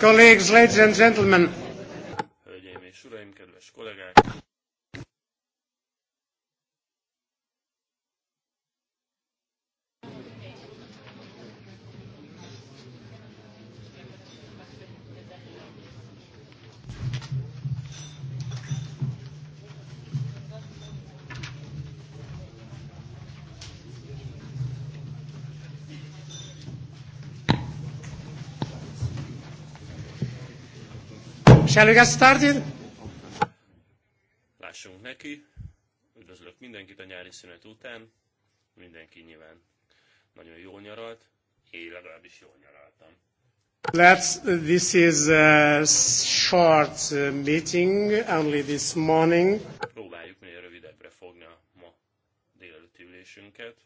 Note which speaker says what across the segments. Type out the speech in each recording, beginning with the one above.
Speaker 1: Colleagues, ladies and gentlemen.
Speaker 2: Hölgyeim és uraim, kedves kollégák!
Speaker 1: Shall we get started?
Speaker 2: Lássunk neki. Üdvözlök mindenkit a nyári szünet után. Mindenki nyilván nagyon jól nyaralt. Én legalábbis jól nyaraltam.
Speaker 1: Let's, this is a short meeting, only this morning.
Speaker 2: Próbáljuk minél rövidebbre fogni a ma délelőtti ülésünket.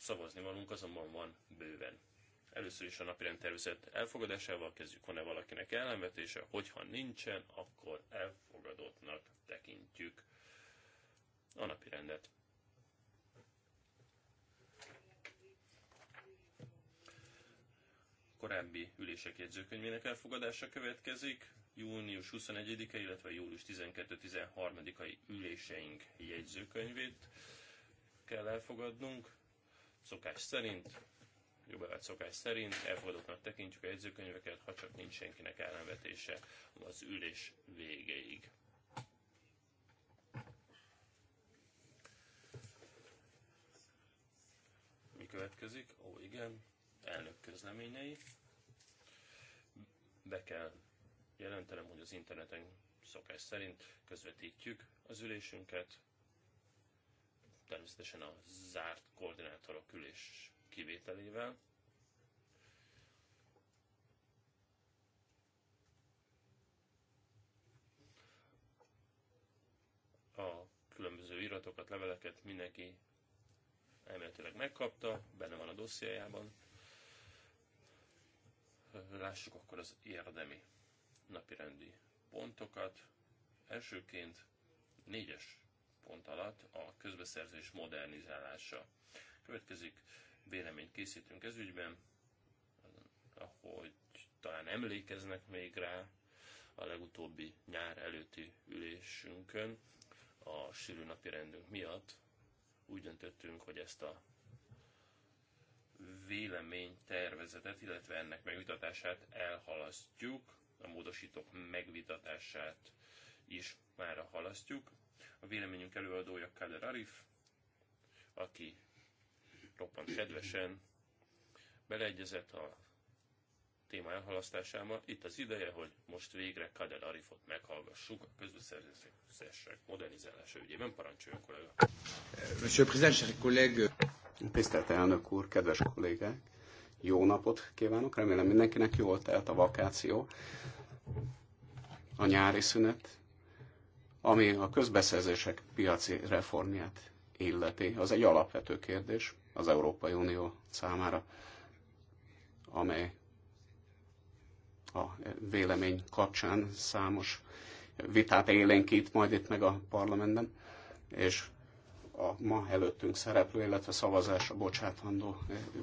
Speaker 2: Szavazni valunk azonban van bőven. Először is a napirend tervezett elfogadásával kezdjük, van-e valakinek ellenvetése, hogyha nincsen, akkor elfogadottnak tekintjük a napirendet. korábbi ülések jegyzőkönyvének elfogadása következik, június 21-e, illetve július 12-13-ai üléseink jegyzőkönyvét kell elfogadnunk. Szokás szerint jó szokás szerint elfogadottnak tekintjük a jegyzőkönyveket, ha csak nincs senkinek ellenvetése az ülés végéig. Mi következik? Ó, igen, elnök közleményei. Be kell jelentenem, hogy az interneten szokás szerint közvetítjük az ülésünket. Természetesen a zárt koordinátorok ülés kivételével. A különböző iratokat, leveleket mindenki elméletileg megkapta, benne van a dossziájában. Lássuk akkor az érdemi napirendi pontokat. Elsőként négyes pont alatt a közbeszerzés modernizálása. Következik véleményt készítünk ez ügyben, ahogy talán emlékeznek még rá a legutóbbi nyár előtti ülésünkön, a sűrű napi rendünk miatt úgy döntöttünk, hogy ezt a véleménytervezetet, illetve ennek megvitatását elhalasztjuk, a módosítók megvitatását is már halasztjuk. A véleményünk előadója Kader Arif, aki roppant kedvesen beleegyezett a téma elhalasztásába. Itt az ideje, hogy most végre Kader Arifot meghallgassuk a közbeszerzések modernizálása ügyében. Parancsoljon, kollega! Monsieur Président,
Speaker 3: chers collègues! Tisztelt elnök úr, kedves kollégák! Jó napot kívánok, remélem mindenkinek jól telt a vakáció, a nyári szünet, ami a közbeszerzések piaci reformját illeti. Az egy alapvető kérdés, az Európai Unió számára, amely a vélemény kapcsán számos vitát élénkít majd itt meg a parlamentben, és a ma előttünk szereplő, illetve szavazásra bocsátandó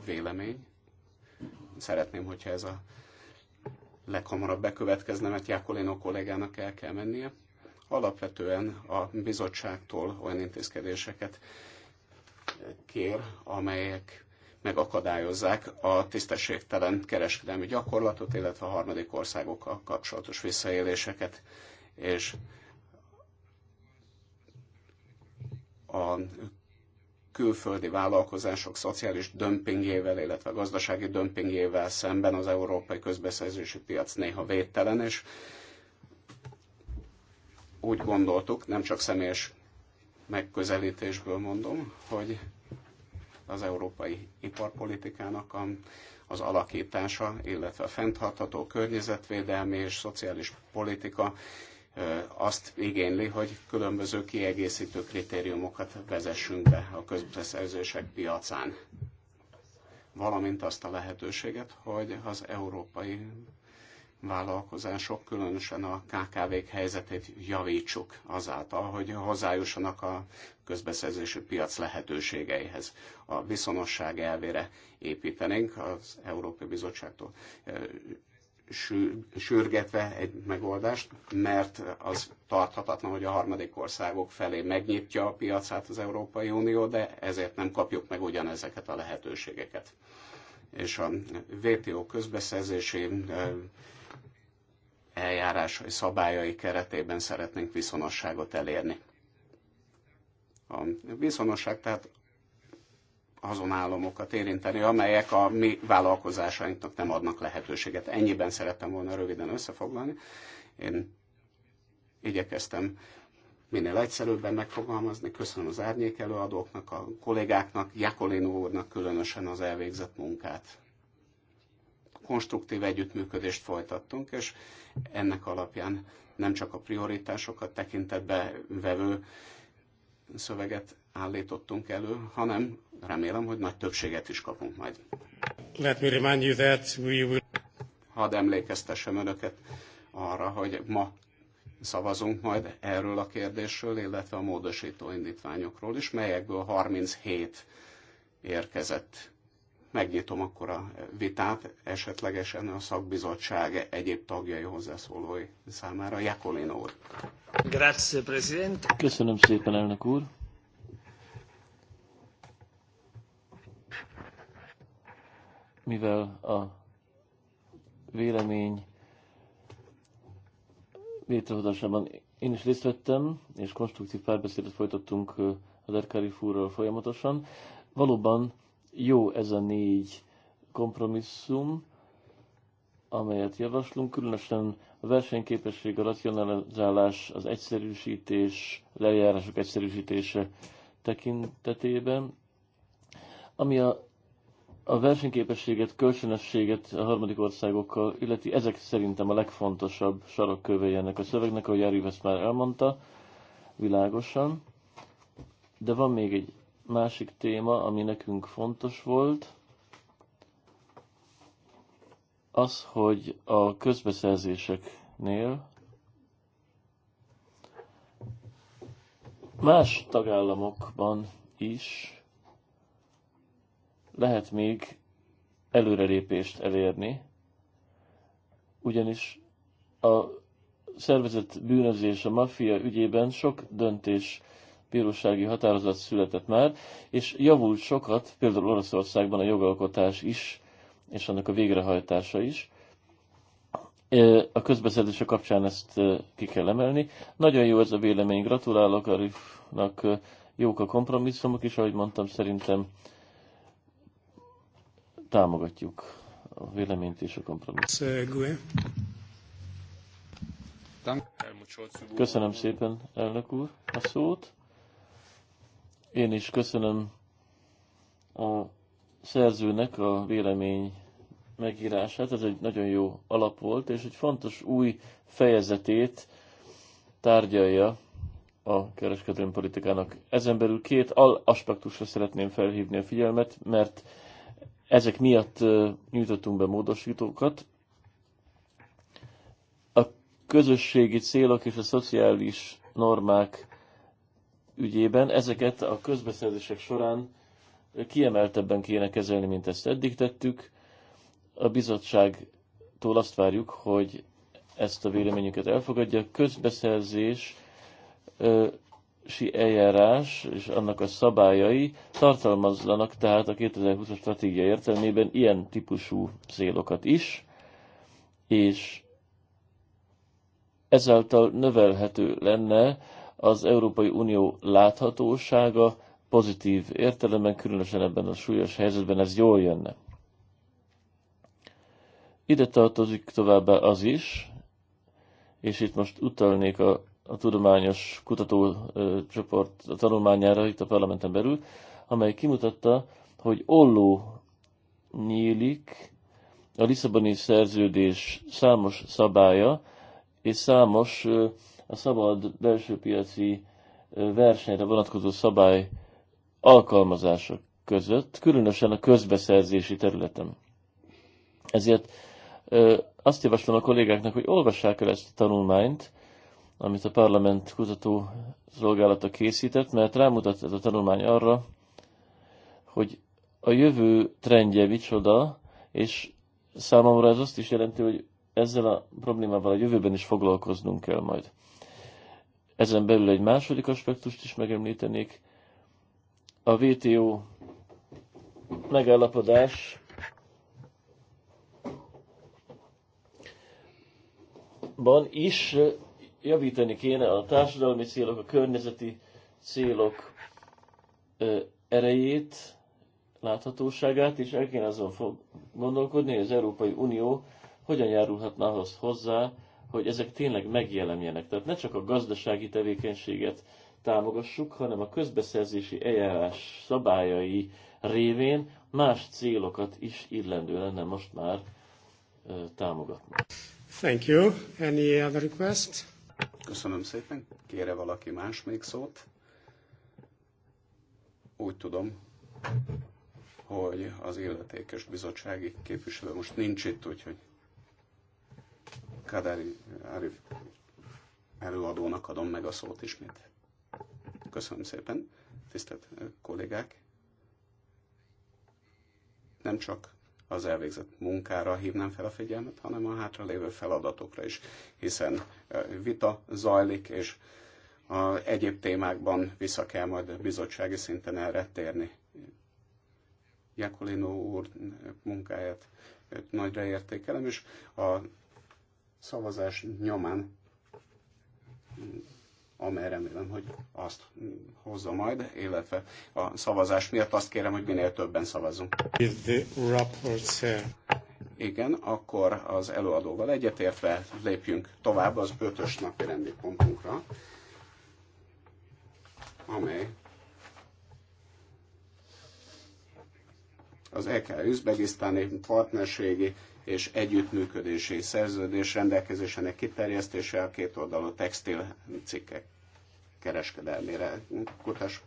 Speaker 3: vélemény. Szeretném, hogyha ez a leghamarabb bekövetkezne, mert Jákolino kollégának el kell mennie. Alapvetően a bizottságtól olyan intézkedéseket kér, amelyek megakadályozzák a tisztességtelen kereskedelmi gyakorlatot, illetve a harmadik országokkal kapcsolatos visszaéléseket, és a külföldi vállalkozások szociális dömpingével, illetve gazdasági dömpingével szemben az európai közbeszerzési piac néha védtelen, és úgy gondoltuk, nem csak személyes megközelítésből mondom, hogy az európai iparpolitikának a, az alakítása, illetve a fenntartható környezetvédelmi és szociális politika azt igényli, hogy különböző kiegészítő kritériumokat vezessünk be a közbeszerzések piacán, valamint azt a lehetőséget, hogy az európai vállalkozások, különösen a KKV-k helyzetét javítsuk azáltal, hogy hozzájussanak a közbeszerzési piac lehetőségeihez. A viszonosság elvére építenénk az Európai Bizottságtól sürgetve egy megoldást, mert az tarthatatlan, hogy a harmadik országok felé megnyitja a piacát az Európai Unió, de ezért nem kapjuk meg ugyanezeket a lehetőségeket. És a VTO közbeszerzési eljárásai szabályai keretében szeretnénk viszonosságot elérni. A viszonosság tehát azon államokat érinteni, amelyek a mi vállalkozásainknak nem adnak lehetőséget. Ennyiben szerettem volna röviden összefoglalni. Én igyekeztem minél egyszerűbben megfogalmazni. Köszönöm az árnyék előadóknak, a kollégáknak, Jakolin úrnak különösen az elvégzett munkát konstruktív együttműködést folytattunk, és ennek alapján nem csak a prioritásokat tekintetbe vevő szöveget állítottunk elő, hanem remélem, hogy nagy többséget is kapunk majd.
Speaker 1: Let me remind you that we will...
Speaker 3: Hadd emlékeztessem önöket arra, hogy ma szavazunk majd erről a kérdésről, illetve a módosító indítványokról is, melyekből 37 érkezett megnyitom akkor a vitát, esetlegesen a szakbizottság egyéb tagjai hozzászólói számára. Jakolin úr. Grazie, Presidente.
Speaker 4: Köszönöm szépen, elnök úr. Mivel a vélemény létrehozásában én is részt vettem, és konstruktív párbeszédet folytattunk az Erkári fúrral folyamatosan. Valóban jó ez a négy kompromisszum, amelyet javaslunk, különösen a versenyképesség, a racionalizálás, az egyszerűsítés, lejárások egyszerűsítése tekintetében, ami a, a versenyképességet, kölcsönösséget a harmadik országokkal illeti, ezek szerintem a legfontosabb sarokkövei ennek a szövegnek, ahogy Jari ezt már elmondta, világosan. De van még egy másik téma, ami nekünk fontos volt, az, hogy a közbeszerzéseknél más tagállamokban is lehet még előrelépést elérni, ugyanis a szervezett bűnözés a maffia ügyében sok döntés bírósági határozat született már, és javult sokat, például Oroszországban a jogalkotás is, és annak a végrehajtása is. A közbeszedése kapcsán ezt ki kell emelni. Nagyon jó ez a vélemény, gratulálok Arifnak, jók a kompromisszumok is, ahogy mondtam, szerintem támogatjuk a véleményt és a
Speaker 1: kompromisszumot.
Speaker 2: Köszönöm
Speaker 4: szépen, elnök úr, a szót. Én is köszönöm a szerzőnek a vélemény megírását. Ez egy nagyon jó alap volt, és egy fontos új fejezetét tárgyalja a kereskedelmi politikának. Ezen belül két al aspektusra szeretném felhívni a figyelmet, mert ezek miatt nyújtottunk be módosítókat. A közösségi célok és a szociális normák ügyében ezeket a közbeszerzések során kiemeltebben kéne kezelni, mint ezt eddig tettük. A bizottságtól azt várjuk, hogy ezt a véleményüket elfogadja. Közbeszerzési eljárás és annak a szabályai tartalmazzanak tehát a 2020-as stratégia értelmében ilyen típusú célokat is, és ezáltal növelhető lenne az Európai Unió láthatósága pozitív értelemben, különösen ebben a súlyos helyzetben ez jól jönne. Ide tartozik továbbá az is, és itt most utalnék a, a tudományos kutatócsoport tanulmányára itt a parlamenten belül, amely kimutatta, hogy olló nyílik a Lisszaboni szerződés számos szabálya és számos a szabad belső piaci versenyre vonatkozó szabály alkalmazása között, különösen a közbeszerzési területen. Ezért azt javaslom a kollégáknak, hogy olvassák el ezt a tanulmányt, amit a Parlament Kutató Szolgálata készített, mert rámutat ez a tanulmány arra, hogy a jövő trendje micsoda, és számomra ez azt is jelenti, hogy ezzel a problémával a jövőben is foglalkoznunk kell majd. Ezen belül egy második aspektust is megemlítenék. A VTO megállapodás ban is javítani kéne a társadalmi célok, a környezeti célok erejét, láthatóságát, és el kéne azon fog gondolkodni, hogy az Európai Unió hogyan járulhatna ahhoz hozzá, hogy ezek tényleg megjelenjenek. Tehát ne csak a gazdasági tevékenységet támogassuk, hanem a közbeszerzési eljárás szabályai révén más célokat is illendő
Speaker 3: lenne most már támogatni.
Speaker 1: Thank you. Any other request?
Speaker 3: Köszönöm szépen. Kére valaki más még szót? Úgy tudom, hogy az illetékes bizottsági képviselő most nincs itt, úgyhogy Kadári Árif előadónak adom meg a szót ismét. Köszönöm szépen, tisztelt kollégák! Nem csak az elvégzett munkára hívnám fel a figyelmet, hanem a hátralévő feladatokra is, hiszen vita zajlik, és a egyéb témákban vissza kell majd bizottsági szinten erre térni. Jakolino úr munkáját nagyra értékelem, és a szavazás nyomán, amely remélem, hogy azt hozza majd, illetve a szavazás miatt azt kérem, hogy minél többen szavazunk. Igen, akkor az előadóval egyetértve lépjünk tovább az ötös napi rendi pontunkra, amely az EK üzbegisztáni partnerségi és együttműködési szerződés rendelkezésének kiterjesztése a két oldalú textil cikkek kereskedelmére. Kutas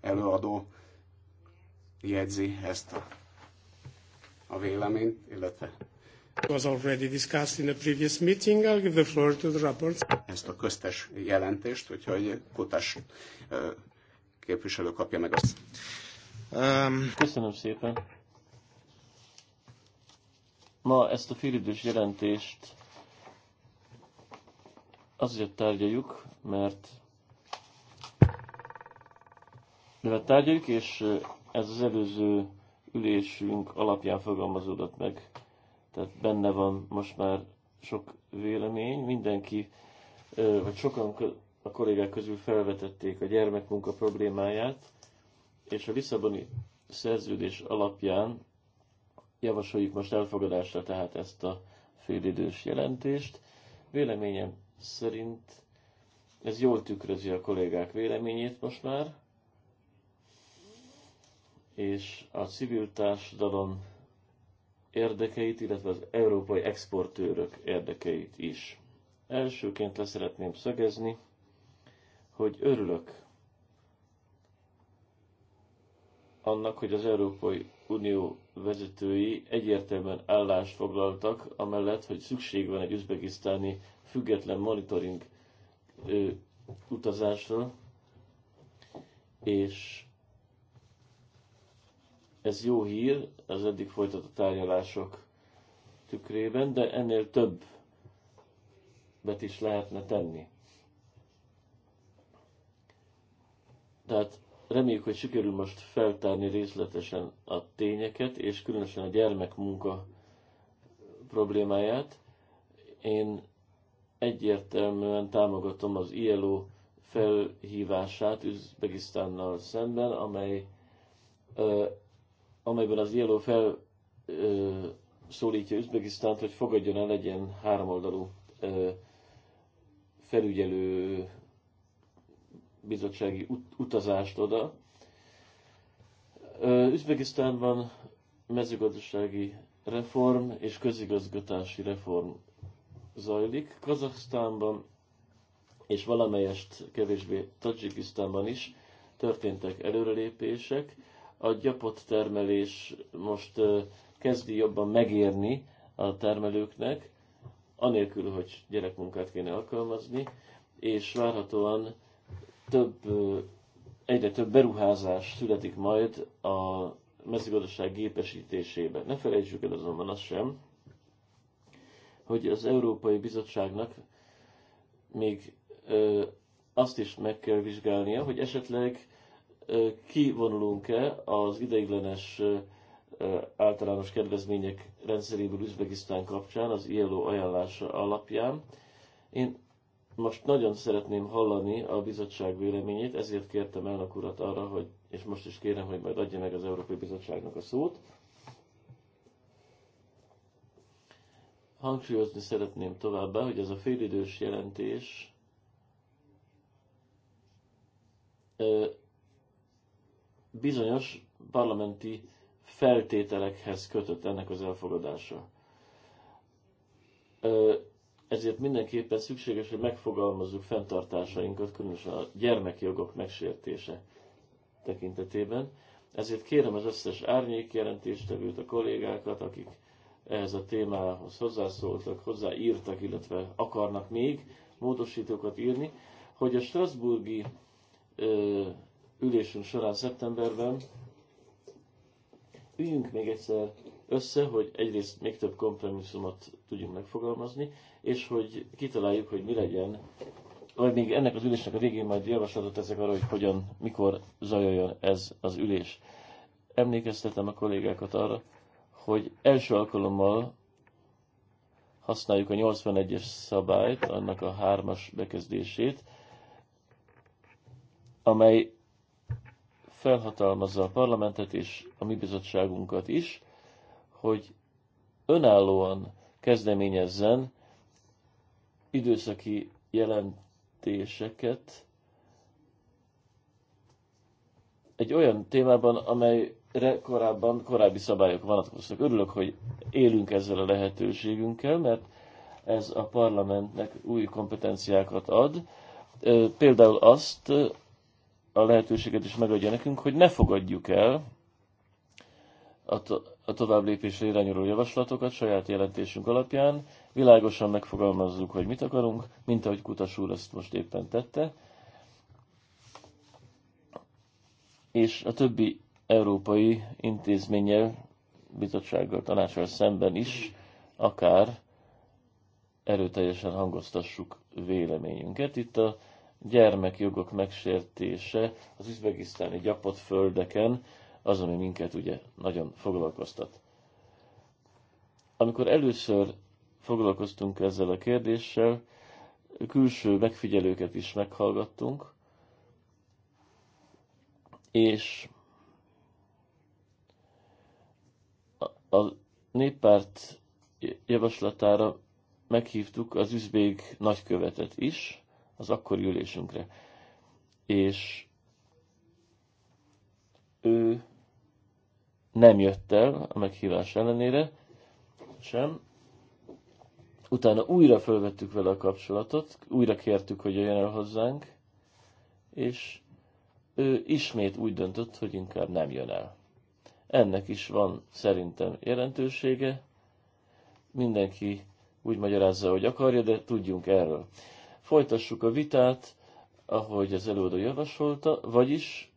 Speaker 3: előadó jegyzi ezt a, a
Speaker 1: véleményt, illetve was already discussed in a previous meeting. I'll give the floor to the rapports.
Speaker 3: Ezt a köztes jelentést, úgyhogy Kutas képviselő kapja meg azt.
Speaker 4: Um, Köszönöm szépen. Ma ezt a félidős jelentést azért tárgyaljuk, mert de tárgyaljuk, és ez az előző ülésünk alapján fogalmazódott meg. Tehát benne van most már sok vélemény, mindenki, vagy sokan a kollégák közül felvetették a gyermekmunka problémáját, és a Lisszaboni szerződés alapján javasoljuk most elfogadásra tehát ezt a félidős jelentést. Véleményem szerint ez jól tükrözi a kollégák véleményét most már, és a civil társadalom érdekeit, illetve az európai exportőrök érdekeit is. Elsőként le szeretném szögezni, hogy örülök annak, hogy az Európai Unió vezetői egyértelműen állást foglaltak, amellett, hogy szükség van egy üzbegisztáni független monitoring ö, utazásra, és ez jó hír az eddig folytatott tárgyalások tükrében, de ennél több bet is lehetne tenni. Tehát Reméljük, hogy sikerül most feltárni részletesen a tényeket, és különösen a gyermekmunka problémáját. Én egyértelműen támogatom az ILO felhívását Üzbegisztánnal szemben, amely, ö, amelyben az ILO fel ö, szólítja Üzbegisztánt, hogy fogadjon el egy ilyen háromoldalú felügyelő bizottsági ut- utazást oda. Üzbegisztánban mezőgazdasági reform és közigazgatási reform zajlik. Kazahsztánban és valamelyest kevésbé Tadzsikisztánban is történtek előrelépések. A gyapott termelés most kezdi jobban megérni a termelőknek, anélkül, hogy gyerekmunkát kéne alkalmazni, és várhatóan több, egyre több beruházás születik majd a mezőgazdaság gépesítésébe. Ne felejtsük el azonban azt sem, hogy az Európai Bizottságnak még ö, azt is meg kell vizsgálnia, hogy esetleg ö, kivonulunk-e az ideiglenes ö, általános kedvezmények rendszeréből Üzbegisztán kapcsán, az ILO ajánlása alapján. Én most nagyon szeretném hallani a bizottság véleményét, ezért kértem elnök urat arra, hogy, és most is kérem, hogy majd adja meg az Európai Bizottságnak a szót. Hangsúlyozni szeretném továbbá, hogy ez a félidős jelentés bizonyos parlamenti feltételekhez kötött ennek az elfogadása ezért mindenképpen szükséges, hogy megfogalmazzuk fenntartásainkat, különösen a gyermekjogok megsértése tekintetében. Ezért kérem az összes árnyék jelentéstevőt, a kollégákat, akik ehhez a témához hozzászóltak, hozzáírtak, illetve akarnak még módosítókat írni, hogy a Strasburgi ülésünk során szeptemberben üljünk még egyszer össze, hogy egyrészt még több kompromisszumot tudjunk megfogalmazni, és hogy kitaláljuk, hogy mi legyen, vagy még ennek az ülésnek a végén majd javaslatot teszek arra, hogy hogyan, mikor zajoljon ez az ülés. Emlékeztetem a kollégákat arra, hogy első alkalommal használjuk a 81-es szabályt, annak a hármas bekezdését, amely felhatalmazza a parlamentet és a mi bizottságunkat is, hogy önállóan kezdeményezzen időszaki jelentéseket egy olyan témában, amelyre korábban korábbi szabályok vonatkoztak. Örülök, hogy élünk ezzel a lehetőségünkkel, mert ez a parlamentnek új kompetenciákat ad. Például azt a lehetőséget is megadja nekünk, hogy ne fogadjuk el a tovább lépésre irányuló javaslatokat saját jelentésünk alapján, világosan megfogalmazzuk, hogy mit akarunk, mint ahogy Kutas úr ezt most éppen tette, és a többi európai intézménnyel, bizottsággal, tanácsal szemben is akár erőteljesen hangoztassuk véleményünket. Itt a gyermekjogok megsértése az üzbegisztáni gyapott földeken az, ami minket ugye nagyon foglalkoztat. Amikor először foglalkoztunk ezzel a kérdéssel, külső megfigyelőket is meghallgattunk, és a néppárt javaslatára meghívtuk az üzbég nagykövetet is az akkori ülésünkre. És ő nem jött el a meghívás ellenére sem. Utána újra fölvettük vele a kapcsolatot, újra kértük, hogy jöjjön el hozzánk, és ő ismét úgy döntött, hogy inkább nem jön el. Ennek is van szerintem jelentősége. Mindenki úgy magyarázza, hogy akarja, de tudjunk erről. Folytassuk a vitát, ahogy az előadó javasolta, vagyis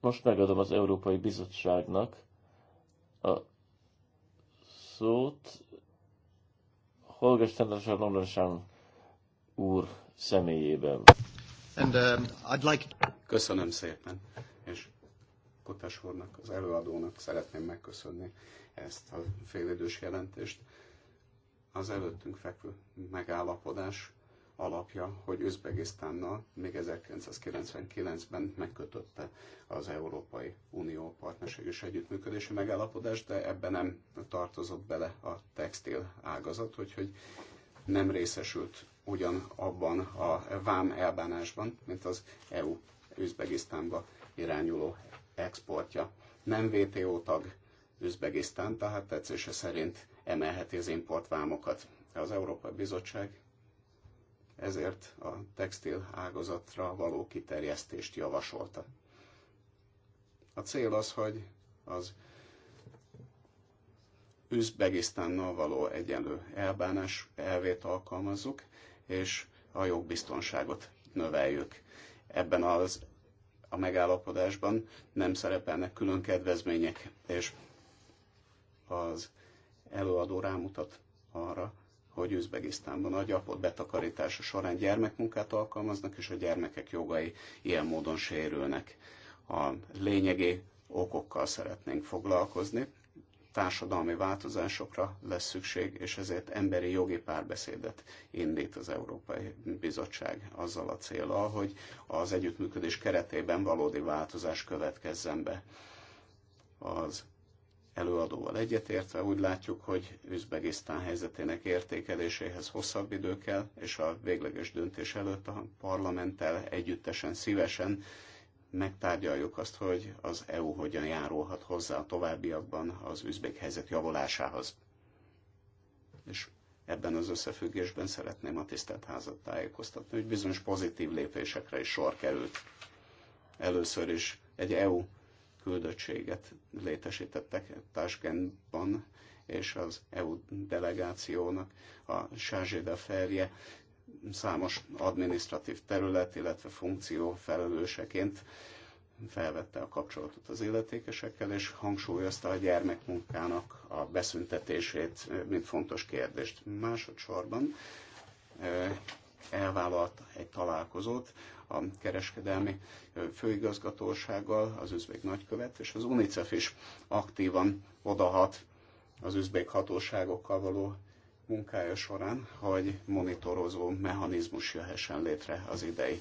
Speaker 4: most megadom az Európai Bizottságnak a szót Holgestendersen Londonsan úr
Speaker 3: személyében. And, um, I'd like... Köszönöm szépen, és Kutas úrnak, az előadónak szeretném megköszönni ezt a félidős jelentést. Az előttünk fekvő megállapodás alapja, hogy Üzbegisztánnal még 1999-ben megkötötte az Európai Unió partnerség és együttműködési megállapodást, de ebben nem tartozott bele a textil ágazat, úgyhogy nem részesült ugyan abban a vám elbánásban, mint az EU Üzbegisztánba irányuló exportja. Nem WTO tag Üzbegisztán, tehát tetszése szerint emelheti az importvámokat. Az Európai Bizottság ezért a textil ágazatra való kiterjesztést javasolta. A cél az, hogy az Üzbegisztánnal való egyenlő elbánás elvét alkalmazzuk, és a jogbiztonságot növeljük. Ebben az a megállapodásban nem szerepelnek külön kedvezmények, és az előadó rámutat arra, hogy Üzbegisztánban a gyapott betakarítása során gyermekmunkát alkalmaznak, és a gyermekek jogai ilyen módon sérülnek. A lényegi okokkal szeretnénk foglalkozni, társadalmi változásokra lesz szükség, és ezért emberi jogi párbeszédet indít az Európai Bizottság azzal a célral, hogy az együttműködés keretében valódi változás következzen be. Az előadóval egyetértve úgy látjuk, hogy Üzbegisztán helyzetének értékeléséhez hosszabb idő kell, és a végleges döntés előtt a parlamenttel együttesen, szívesen megtárgyaljuk azt, hogy az EU hogyan járulhat hozzá a továbbiakban az Üzbeg helyzet javulásához. És ebben az összefüggésben szeretném a tisztelt házat tájékoztatni, hogy bizonyos pozitív lépésekre is sor került. Először is egy EU küldöttséget létesítettek Tashkentban, és az EU delegációnak a de Ferje számos administratív terület, illetve funkció felelőseként felvette a kapcsolatot az illetékesekkel, és hangsúlyozta a gyermekmunkának a beszüntetését, mint fontos kérdést. Másodszorban elvállalt egy találkozót a kereskedelmi főigazgatósággal, az üzbék nagykövet, és az UNICEF is aktívan odahat az üzbék hatóságokkal való munkája során, hogy monitorozó mechanizmus jöhessen létre az idei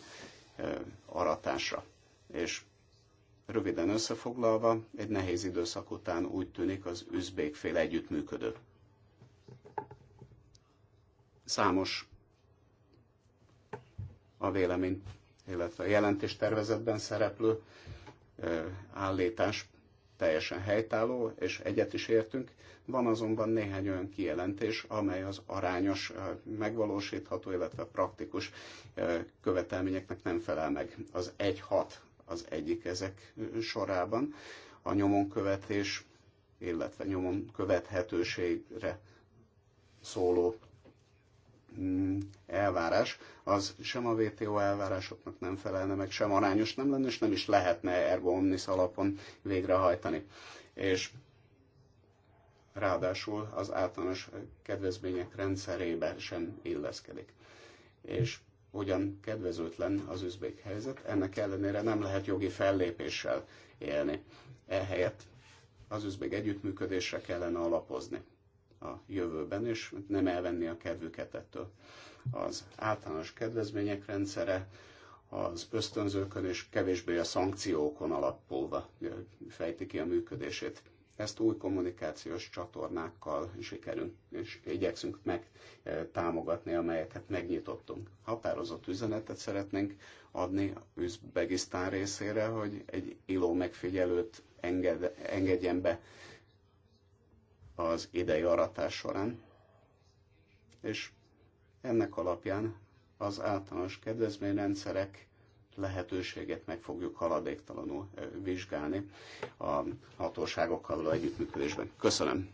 Speaker 3: aratásra. És röviden összefoglalva, egy nehéz időszak után úgy tűnik az fél együttműködő. Számos a vélemény illetve a jelentéstervezetben szereplő állítás teljesen helytálló, és egyet is értünk. Van azonban néhány olyan kijelentés, amely az arányos, megvalósítható, illetve praktikus követelményeknek nem felel meg. Az 1-6 az egyik ezek sorában. A nyomonkövetés, illetve nyomon követhetőségre szóló Mm, elvárás, az sem a WTO elvárásoknak nem felelne meg, sem arányos nem lenne, és nem is lehetne ergo omnis alapon végrehajtani. És ráadásul az általános kedvezmények rendszerébe sem illeszkedik. És ugyan kedvezőtlen az üzbék helyzet, ennek ellenére nem lehet jogi fellépéssel élni. Ehelyett az üzbék együttműködésre kellene alapozni a jövőben, és nem elvenni a kedvüket ettől. Az általános kedvezmények rendszere az ösztönzőkön és kevésbé a szankciókon alapulva fejti ki a működését. Ezt új kommunikációs csatornákkal sikerünk, és igyekszünk meg támogatni, amelyeket megnyitottunk. Határozott üzenetet szeretnénk adni Üzbegisztán részére, hogy egy iló megfigyelőt enged, engedjen be az idei aratás során, és ennek alapján az általános kedvezményrendszerek lehetőséget meg fogjuk haladéktalanul vizsgálni a hatóságokkal való együttműködésben. Köszönöm.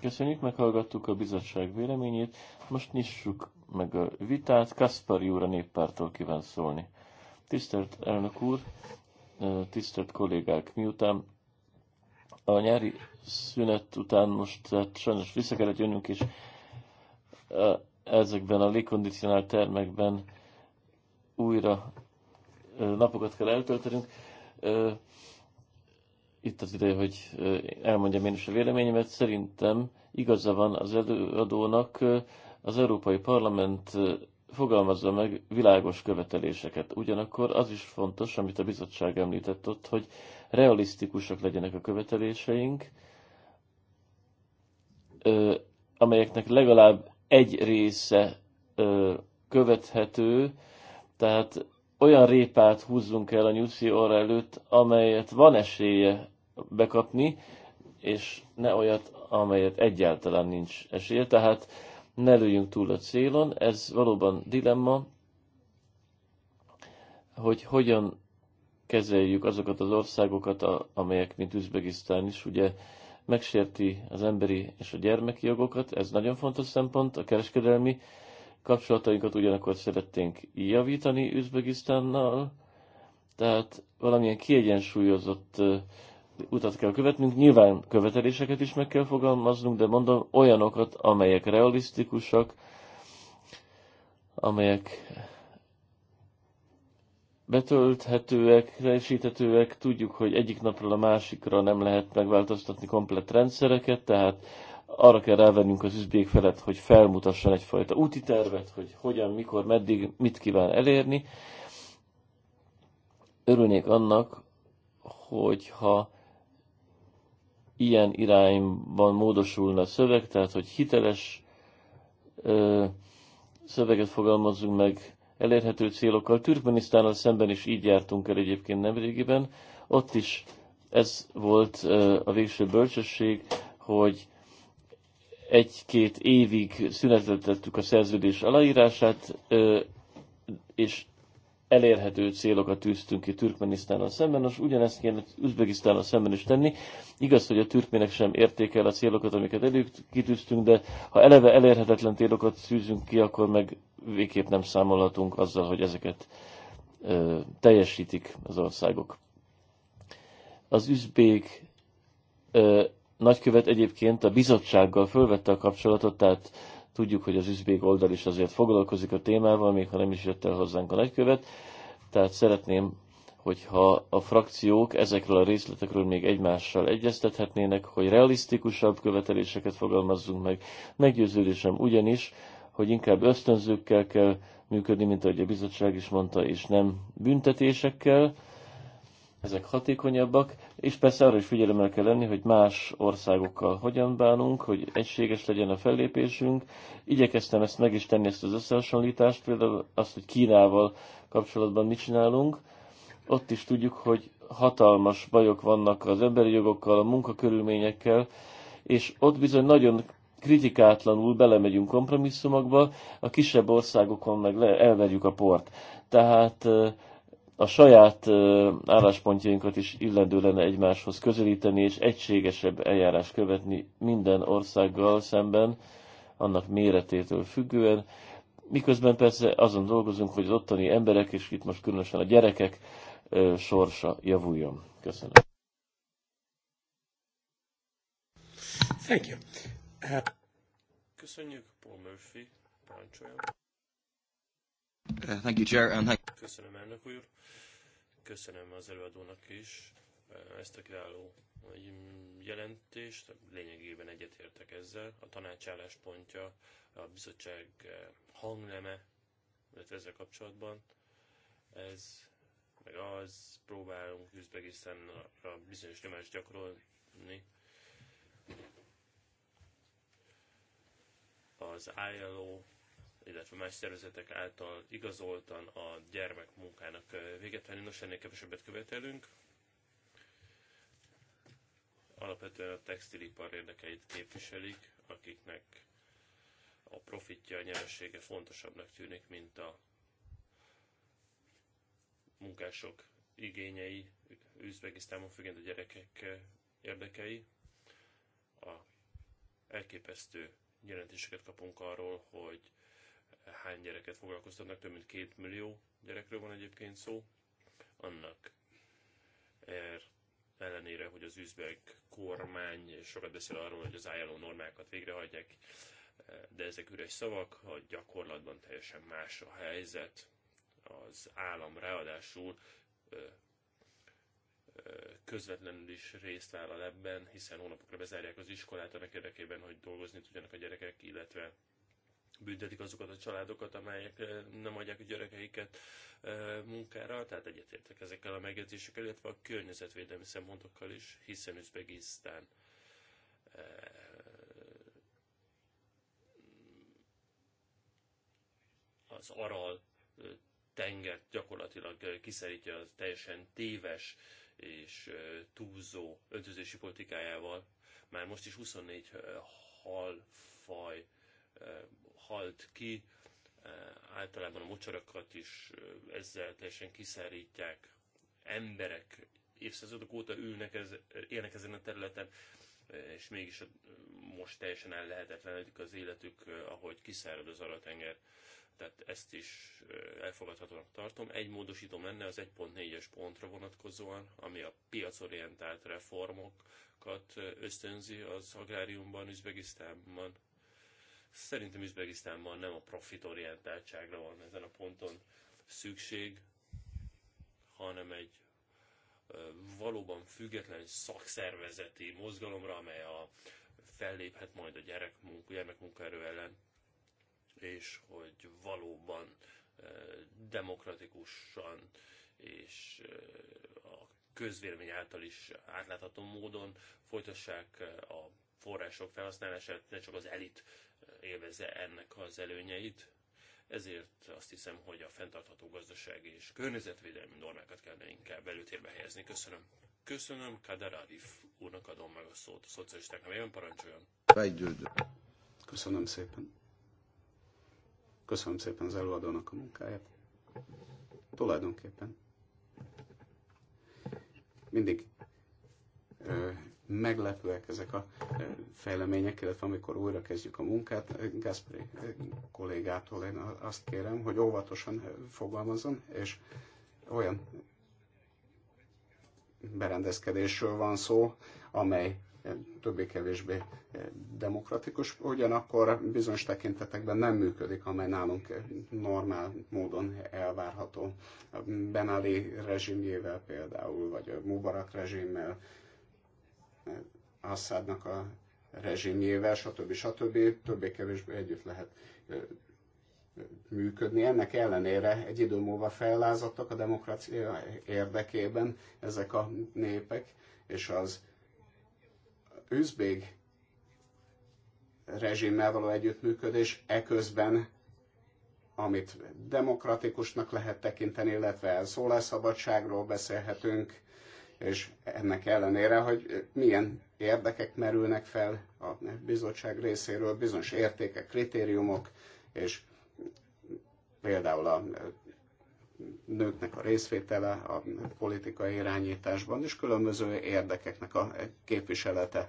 Speaker 4: Köszönjük, meghallgattuk a bizottság véleményét. Most nyissuk meg a vitát. Kaspar Júra néppártól kíván szólni. Tisztelt elnök úr, tisztelt kollégák, miután a nyári szünet után most tehát sajnos vissza kellett jönnünk, és ezekben a légkondicionált termekben újra napokat kell eltöltenünk. Itt az ideje, hogy elmondjam én is a véleményemet. Szerintem igaza van az előadónak, az Európai Parlament fogalmazza meg világos követeléseket. Ugyanakkor az is fontos, amit a bizottság említett ott, hogy realisztikusak legyenek a követeléseink, amelyeknek legalább egy része követhető, tehát olyan répát húzzunk el a nyuszi orra előtt, amelyet van esélye bekapni, és ne olyat, amelyet egyáltalán nincs esélye. Tehát ne lőjünk túl a célon, ez valóban dilemma, hogy hogyan kezeljük azokat az országokat, amelyek, mint Üzbegisztán is, ugye megsérti az emberi és a gyermeki jogokat, ez nagyon fontos szempont, a kereskedelmi kapcsolatainkat ugyanakkor szeretnénk javítani Üzbegisztánnal, tehát valamilyen kiegyensúlyozott utat kell követnünk, nyilván követeléseket is meg kell fogalmaznunk, de mondom olyanokat, amelyek realisztikusak, amelyek betölthetőek, teljesíthetőek, tudjuk, hogy egyik napról a másikra nem lehet megváltoztatni komplett rendszereket, tehát arra kell rávennünk az üzbék felett, hogy felmutasson egyfajta úti tervet, hogy hogyan, mikor, meddig, mit kíván elérni. Örülnék annak, hogyha ilyen irányban módosulna a szöveg, tehát hogy hiteles ö, szöveget fogalmazzunk meg, elérhető célokkal. Türkmenisztánnal szemben is így jártunk el egyébként nemrégiben. Ott is ez volt a végső bölcsesség, hogy egy-két évig szüneteltettük a szerződés aláírását, és elérhető célokat tűztünk ki Türkmenisztánnal szemben, most ugyanezt kéne Üzbegisztánnal szemben is tenni. Igaz, hogy a türkmének sem értékel a célokat, amiket előtt kitűztünk, de ha eleve elérhetetlen célokat tűzünk ki, akkor meg végképp nem számolhatunk azzal, hogy ezeket ö, teljesítik az országok. Az üzbék ö, nagykövet egyébként a bizottsággal fölvette a kapcsolatot, tehát Tudjuk, hogy az üzbék oldal is azért foglalkozik a témával, még ha nem is jött el hozzánk a nagykövet. Tehát szeretném, hogyha a frakciók ezekről a részletekről még egymással egyeztethetnének, hogy realisztikusabb követeléseket fogalmazzunk meg. Meggyőződésem ugyanis, hogy inkább ösztönzőkkel kell működni, mint ahogy a bizottság is mondta, és nem büntetésekkel ezek hatékonyabbak, és persze arra is figyelemmel kell lenni, hogy más országokkal hogyan bánunk, hogy egységes legyen a fellépésünk. Igyekeztem ezt meg is tenni, ezt az összehasonlítást, például azt, hogy Kínával kapcsolatban mit csinálunk. Ott is tudjuk, hogy hatalmas bajok vannak az emberi jogokkal, a munkakörülményekkel, és ott bizony nagyon kritikátlanul belemegyünk kompromisszumokba, a kisebb országokon meg elverjük a port. Tehát a saját álláspontjainkat is illendő lenne egymáshoz közelíteni, és egységesebb eljárás követni minden országgal szemben, annak méretétől függően. Miközben persze azon dolgozunk, hogy az ottani emberek, és itt most különösen a gyerekek sorsa javuljon. Köszönöm.
Speaker 1: Thank you. Uh,
Speaker 2: Köszönjük, Paul Murphy,
Speaker 1: Uh, Thank you, Chair, and thank
Speaker 2: Köszönöm, elnök úr. Köszönöm az előadónak is eh, ezt a kiváló jelentést, lényegében egyetértek ezzel. A tanács pontja a bizottság eh, hangneme, illetve ezzel kapcsolatban, ez meg az, próbálunk a bizonyos nyomást gyakorolni. Az ILO illetve más szervezetek által igazoltan a gyermek munkának véget venni. Nos, ennél kevesebbet követelünk. Alapvetően a textilipar érdekeit képviselik, akiknek a profitja, a nyeressége fontosabbnak tűnik, mint a munkások igényei, Üzbegisztánban főként a gyerekek érdekei. A elképesztő jelentéseket kapunk arról, hogy hány gyereket foglalkoztatnak, több mint két millió gyerekről van egyébként szó, annak er, ellenére, hogy az üzbek kormány sokat beszél arról, hogy az ILO normákat végrehajtják, de ezek üres szavak, a gyakorlatban teljesen más a helyzet. Az állam ráadásul közvetlenül is részt vállal ebben, hiszen hónapokra bezárják az iskolát annak érdekében, hogy dolgozni tudjanak a gyerekek, illetve büntetik azokat a családokat, amelyek nem adják a gyerekeiket munkára, tehát egyetértek ezekkel a megjegyzésekkel, illetve a környezetvédelmi szempontokkal is, hiszen Üzbegisztán az Aral tengert gyakorlatilag kiszerítja az teljesen téves és túlzó öntözési politikájával. Már most is 24 halfaj halt ki, e, általában a mocsarakat is e, ezzel teljesen kiszárítják. Emberek évszázadok óta ülnek ez, élnek ezen a területen, e, és mégis most teljesen el lehetetlenedik az életük, ahogy kiszárad az aratenger. Tehát ezt is elfogadhatónak tartom. Egy módosítom lenne az 1.4-es pontra vonatkozóan, ami a piacorientált reformokat ösztönzi az agráriumban, Üzbegisztánban, Szerintem Üzbegisztánban nem a profitorientáltságra van ezen a ponton szükség, hanem egy valóban független szakszervezeti mozgalomra, amely a, felléphet majd a gyerekmunka, gyermekmunkaerő ellen, és hogy valóban demokratikusan és a közvélemény által is átlátható módon folytassák a források felhasználását, ne csak az elit eh, élvezze ennek az előnyeit. Ezért azt hiszem, hogy a fenntartható gazdaság és környezetvédelmi normákat kellene inkább előtérbe helyezni. Köszönöm. Köszönöm, Kader Arif úrnak adom meg a szót a szocialisták nevében, parancsoljon.
Speaker 3: Köszönöm szépen. Köszönöm szépen az előadónak a munkáját. Tulajdonképpen mindig eh, meglepőek ezek a e, fejlemények, illetve amikor újra kezdjük a munkát, e, Gásperi e, kollégától én azt kérem, hogy óvatosan fogalmazom, és olyan berendezkedésről van szó, amely többé-kevésbé demokratikus, ugyanakkor bizonyos tekintetekben nem működik, amely nálunk normál módon elvárható. A Benali rezsimjével például, vagy a Mubarak rezsimmel, Assadnak a rezsimjével, stb. stb. többé-kevésbé együtt lehet működni. Ennek ellenére egy idő múlva fellázadtak a demokrácia érdekében ezek a népek, és az üzbég rezsimmel való együttműködés eközben amit demokratikusnak lehet tekinteni, illetve szólásszabadságról beszélhetünk, és ennek ellenére, hogy milyen érdekek merülnek fel a bizottság részéről, bizonyos értékek, kritériumok, és például a nőknek a részvétele a politikai irányításban, és különböző érdekeknek a képviselete.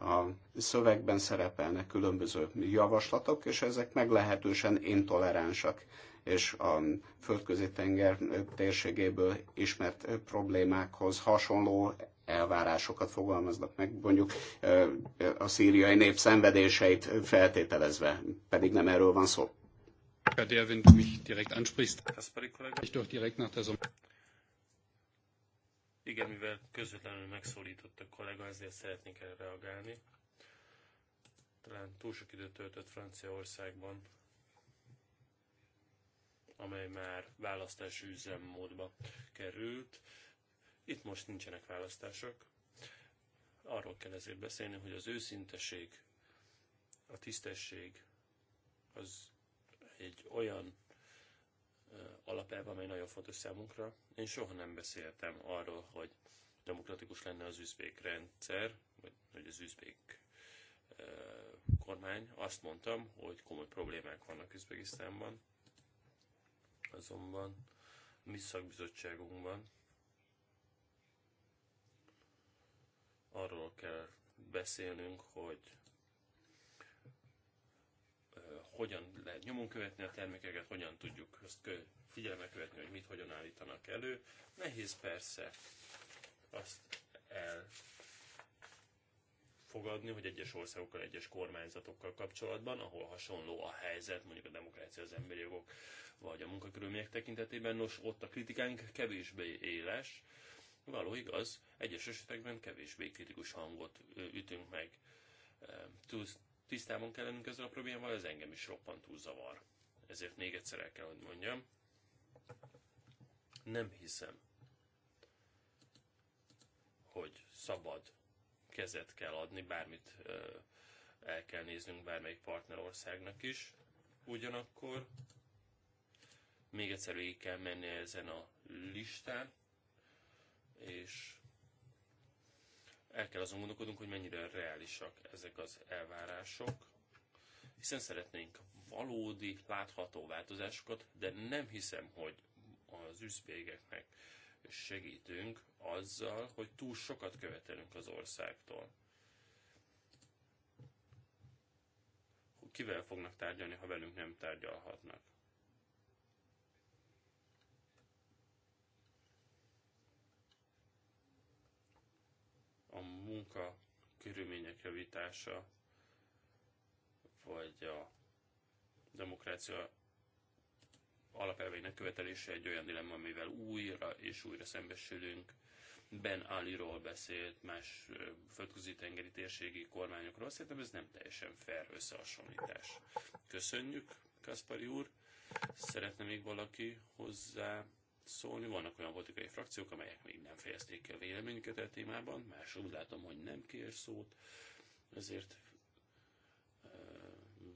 Speaker 3: A szövegben szerepelnek különböző javaslatok, és ezek meglehetősen intoleránsak és a földközi tenger térségéből ismert problémákhoz hasonló elvárásokat fogalmaznak meg, mondjuk a szíriai nép szenvedéseit feltételezve, pedig nem erről van szó. Der, wenn du mich direkt ansprichst, ich doch direkt nach der
Speaker 2: Igen, mivel közvetlenül megszólított a kollega, ezért szeretnék erre reagálni. Talán túl sok időt töltött Franciaországban, amely már választási üzemmódba került. Itt most nincsenek választások. Arról kell ezért beszélni, hogy az őszinteség, a tisztesség az egy olyan alapelv, amely nagyon fontos számunkra. Én soha nem beszéltem arról, hogy demokratikus lenne az üzbék rendszer, vagy hogy az üzbék kormány. Azt mondtam, hogy komoly problémák vannak Üzbegisztánban, azonban a mi szakbizottságunkban arról kell beszélnünk, hogy hogyan lehet nyomon követni a termékeket, hogyan tudjuk azt figyelme követni, hogy mit hogyan állítanak elő. Nehéz persze azt el elfogadni, hogy egyes országokkal, egyes kormányzatokkal kapcsolatban, ahol hasonló a helyzet, mondjuk a demokrácia, az emberi jogok vagy a munkakörülmények tekintetében, nos, ott a kritikánk kevésbé éles, való igaz, egyes esetekben kevésbé kritikus hangot ütünk meg. Tisztában kell lennünk ezzel a problémával, ez engem is túl zavar. Ezért még egyszer el kell, hogy mondjam. Nem hiszem, hogy szabad kezet kell adni, bármit el kell néznünk bármelyik partnerországnak is. Ugyanakkor még egyszer végig kell menni ezen a listán, és el kell azon gondolkodnunk, hogy mennyire reálisak ezek az elvárások, hiszen szeretnénk valódi, látható változásokat, de nem hiszem, hogy az üzbégeknek segítünk azzal, hogy túl sokat követelünk az országtól. Kivel fognak tárgyalni, ha velünk nem tárgyalhatnak? A munka körülmények javítása, vagy a demokrácia alapelveinek követelése egy olyan dilemma, amivel újra és újra szembesülünk. Ben Aliról beszélt, más földközi tengeri térségi kormányokról. Szerintem ez nem teljesen fair összehasonlítás. Köszönjük, Kaspari úr. Szeretne még valaki hozzá szólni? Vannak olyan politikai frakciók, amelyek még nem fejezték ki a véleményüket a e témában. Más úgy látom, hogy nem kér szót. Ezért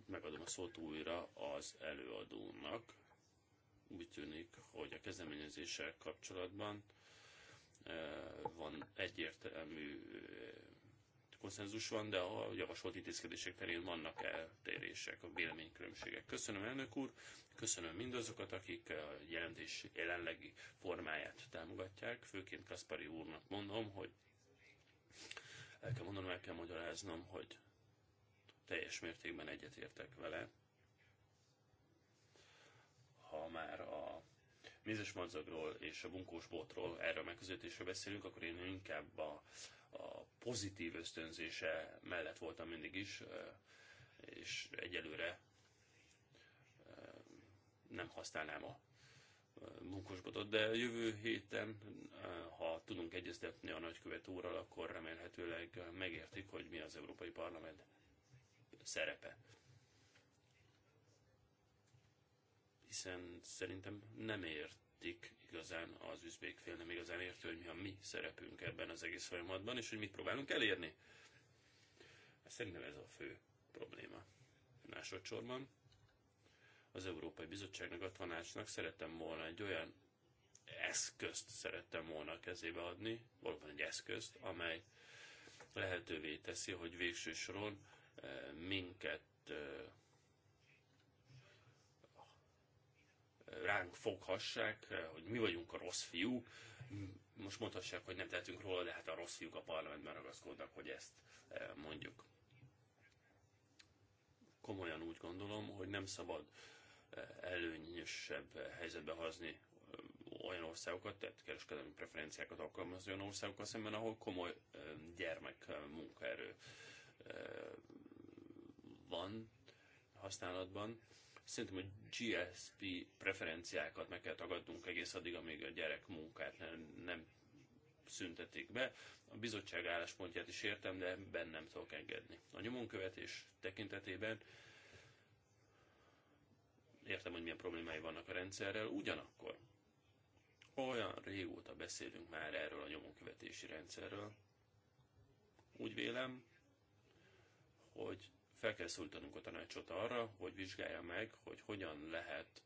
Speaker 2: megadom a szót újra az előadónak úgy tűnik, hogy a kezdeményezéssel kapcsolatban e, van egyértelmű e, konszenzus van, de a javasolt intézkedések terén vannak eltérések, a véleménykülönbségek. Köszönöm, elnök úr, köszönöm mindazokat, akik a jelentés jelenlegi formáját támogatják, főként Kaspari úrnak mondom, hogy el kell mondanom, el kell magyaráznom, hogy teljes mértékben egyetértek vele ha már a mézes madzagról és a bunkós botról erről megközelítésről beszélünk, akkor én inkább a, a pozitív ösztönzése mellett voltam mindig is, és egyelőre nem használnám a botot, de jövő héten, ha tudunk egyeztetni a nagykövet úrral, akkor remélhetőleg megértik, hogy mi az Európai Parlament szerepe. hiszen szerintem nem értik igazán, az üzbék fél nem igazán értő, hogy mi a mi szerepünk ebben az egész folyamatban, és hogy mit próbálunk elérni. Hát szerintem ez a fő probléma. Másodszorban az Európai Bizottságnak, a tanácsnak szerettem volna egy olyan eszközt szerettem volna a kezébe adni, valóban egy eszközt, amely lehetővé teszi, hogy végső soron eh, minket eh, ránk foghassák, hogy mi vagyunk a rossz fiúk. Most mondhassák, hogy nem tettünk róla, de hát a rossz fiúk a parlamentben ragaszkodnak, hogy ezt eh, mondjuk. Komolyan úgy gondolom, hogy nem szabad eh, előnyösebb eh, helyzetbe hozni olyan országokat, tehát kereskedelmi preferenciákat alkalmazni olyan országokkal szemben, ahol komoly gyermek munkaerő van használatban. Szerintem a GSP preferenciákat meg kell tagadnunk egész addig, amíg a gyerek munkát nem, nem szüntetik be. A bizottság álláspontját is értem, de ebben nem tudok engedni. A nyomonkövetés tekintetében értem, hogy milyen problémái vannak a rendszerrel, ugyanakkor olyan régóta beszélünk már erről a nyomonkövetési rendszerről, úgy vélem, hogy fel kell szólítanunk a tanácsot arra, hogy vizsgálja meg, hogy hogyan lehet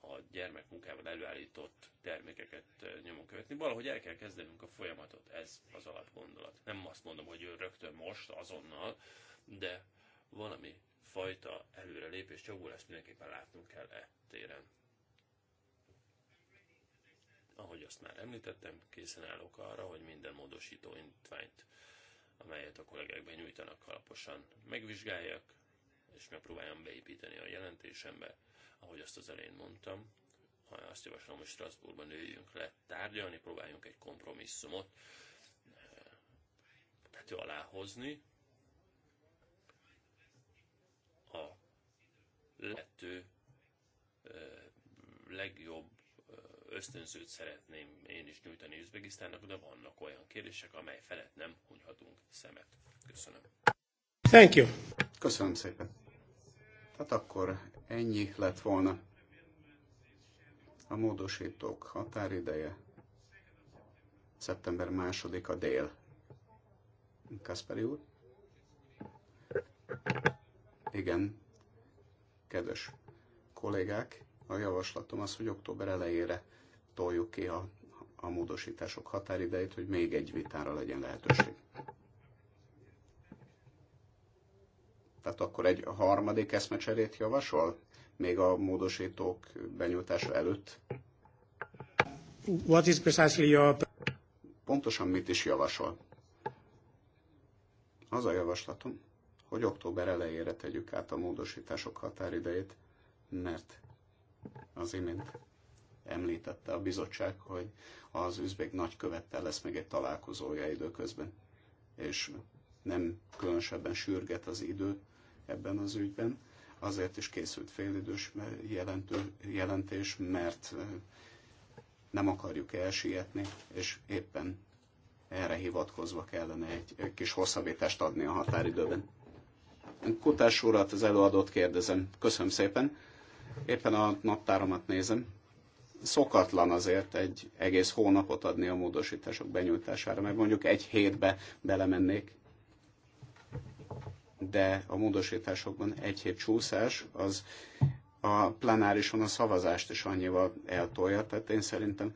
Speaker 2: a gyermekmunkával előállított termékeket eh, nyomon követni. Valahogy el kell kezdenünk a folyamatot, ez az alapgondolat. Nem azt mondom, hogy rögtön most, azonnal, de valami fajta előrelépés, javulást mindenképpen látnunk kell e téren. Ahogy azt már említettem, készen állok arra, hogy minden módosító intványt amelyet a kollégák benyújtanak alaposan megvizsgáljak, és megpróbáljam beépíteni a jelentésembe, ahogy azt az elején mondtam. Ha azt javaslom, hogy Strasbourgban üljünk le tárgyalni, próbáljunk egy kompromisszumot eh, tető alá hozni. A lehető eh, legjobb ösztönzőt szeretném én is nyújtani Üzbegisztánnak, de vannak olyan kérdések, amely felett nem hunyhatunk szemet. Köszönöm.
Speaker 1: Thank you.
Speaker 3: Köszönöm szépen. Tehát akkor ennyi lett volna a módosítók határideje. Szeptember második a dél. Kasperi úr? Igen, kedves kollégák, a javaslatom az, hogy október elejére toljuk ki a, a módosítások határidejét, hogy még egy vitára legyen lehetőség. Tehát akkor egy harmadik eszmecserét javasol, még a módosítók benyújtása előtt?
Speaker 1: What is precisely your...
Speaker 3: Pontosan mit is javasol? Az a javaslatom, hogy október elejére tegyük át a módosítások határidejét, mert az imént említette a bizottság, hogy az üzbék nagykövettel lesz meg egy találkozója időközben, és nem különösebben sürget az idő ebben az ügyben. Azért is készült félidős jelentő, jelentés, mert nem akarjuk elsietni, és éppen erre hivatkozva kellene egy, egy kis hosszabbítást adni a határidőben. Kutás urat, az előadót kérdezem. Köszönöm szépen. Éppen a naptáromat nézem szokatlan azért egy egész hónapot adni a módosítások benyújtására, meg mondjuk egy hétbe belemennék, de a módosításokban egy hét csúszás az a plenárison a szavazást is annyival eltolja, tehát én szerintem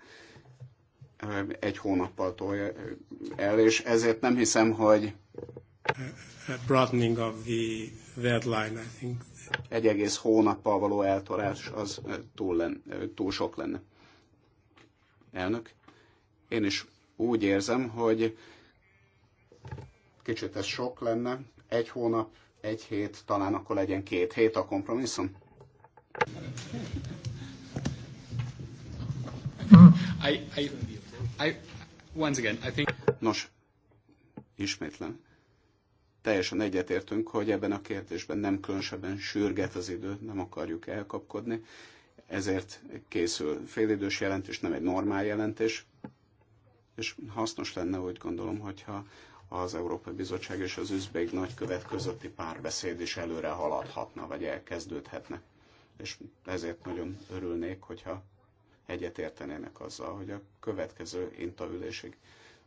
Speaker 3: eh, egy hónappal tolja eh, el, és ezért nem hiszem, hogy...
Speaker 1: A broadening of the deadline, I think
Speaker 3: egy egész hónappal való eltorás az túl, len, túl sok lenne. Elnök, én is úgy érzem, hogy kicsit ez sok lenne, egy hónap, egy hét, talán akkor legyen két hét a kompromisszum. I, I, I, once again, I think... Nos, ismétlen teljesen egyetértünk, hogy ebben a kérdésben nem különösebben sürget az idő, nem akarjuk elkapkodni, ezért készül félidős jelentés, nem egy normál jelentés, és hasznos lenne, úgy gondolom, hogyha az Európai Bizottság és az üzbék nagykövet közötti párbeszéd is előre haladhatna, vagy elkezdődhetne. És ezért nagyon örülnék, hogyha egyetértenének azzal, hogy a következő intaülésig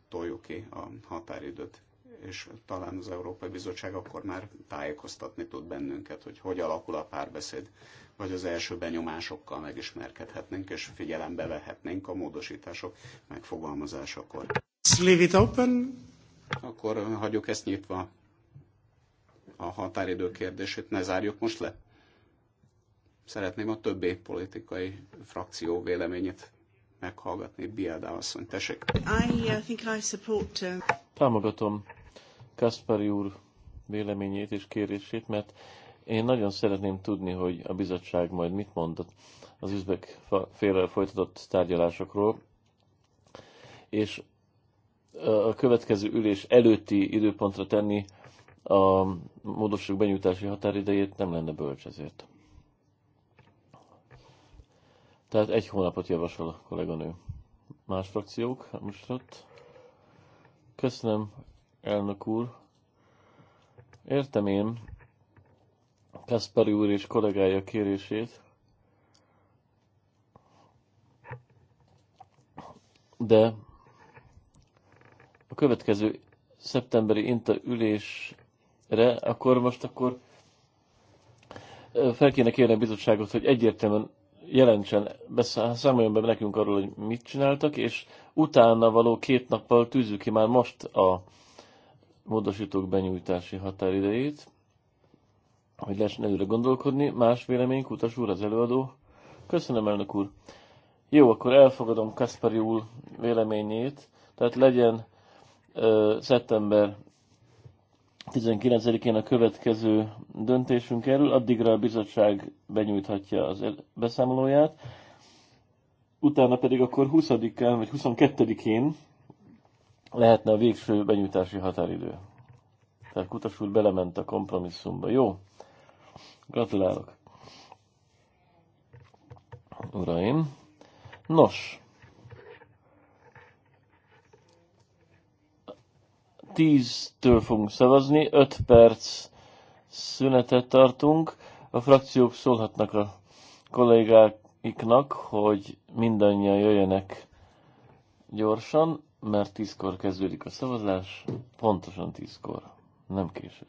Speaker 3: toljuk ki a határidőt és talán az Európai Bizottság akkor már tájékoztatni tud bennünket, hogy hogy alakul a párbeszéd, vagy az első benyomásokkal megismerkedhetnénk, és figyelembe vehetnénk a módosítások megfogalmazásakor.
Speaker 1: Leave it open.
Speaker 3: Akkor hagyjuk ezt nyitva. A határidő kérdését ne zárjuk most le. Szeretném a többi politikai frakció véleményét meghallgatni. Biádá asszony, tessék. I, uh, think I support, uh...
Speaker 4: Támogatom Kaspari úr véleményét és kérését, mert én nagyon szeretném tudni, hogy a bizottság majd mit mondott az üzbek félrel folytatott tárgyalásokról, és a következő ülés előtti időpontra tenni a módosok benyújtási határidejét nem lenne bölcs ezért. Tehát egy hónapot javasol a kolléganő. Más frakciók, most ott. Köszönöm, elnök úr. Értem én Kaspari úr és kollégája kérését, de a következő szeptemberi INTA ülésre, akkor most akkor fel kéne kérni a bizottságot, hogy egyértelműen jelentsen, hát számoljon be nekünk arról, hogy mit csináltak, és utána való két nappal tűzzük ki már most a módosítók benyújtási határidejét, hogy lehessen előre gondolkodni. Más vélemény, Kutas úr, az előadó. Köszönöm, elnök úr. Jó, akkor elfogadom Kaspari úr véleményét, tehát legyen ö, szeptember 19-én a következő döntésünk erről, addigra a bizottság benyújthatja az beszámolóját, utána pedig akkor 20-án vagy 22-én lehetne a végső benyújtási határidő. Tehát Kutas úr belement a kompromisszumba. Jó, gratulálok. Uraim, nos, Tíztől fogunk szavazni, Öt perc szünetet tartunk. A frakciók szólhatnak a kollégáiknak, hogy mindannyian jöjjenek gyorsan mert tízkor kezdődik a szavazás, pontosan tízkor, nem később.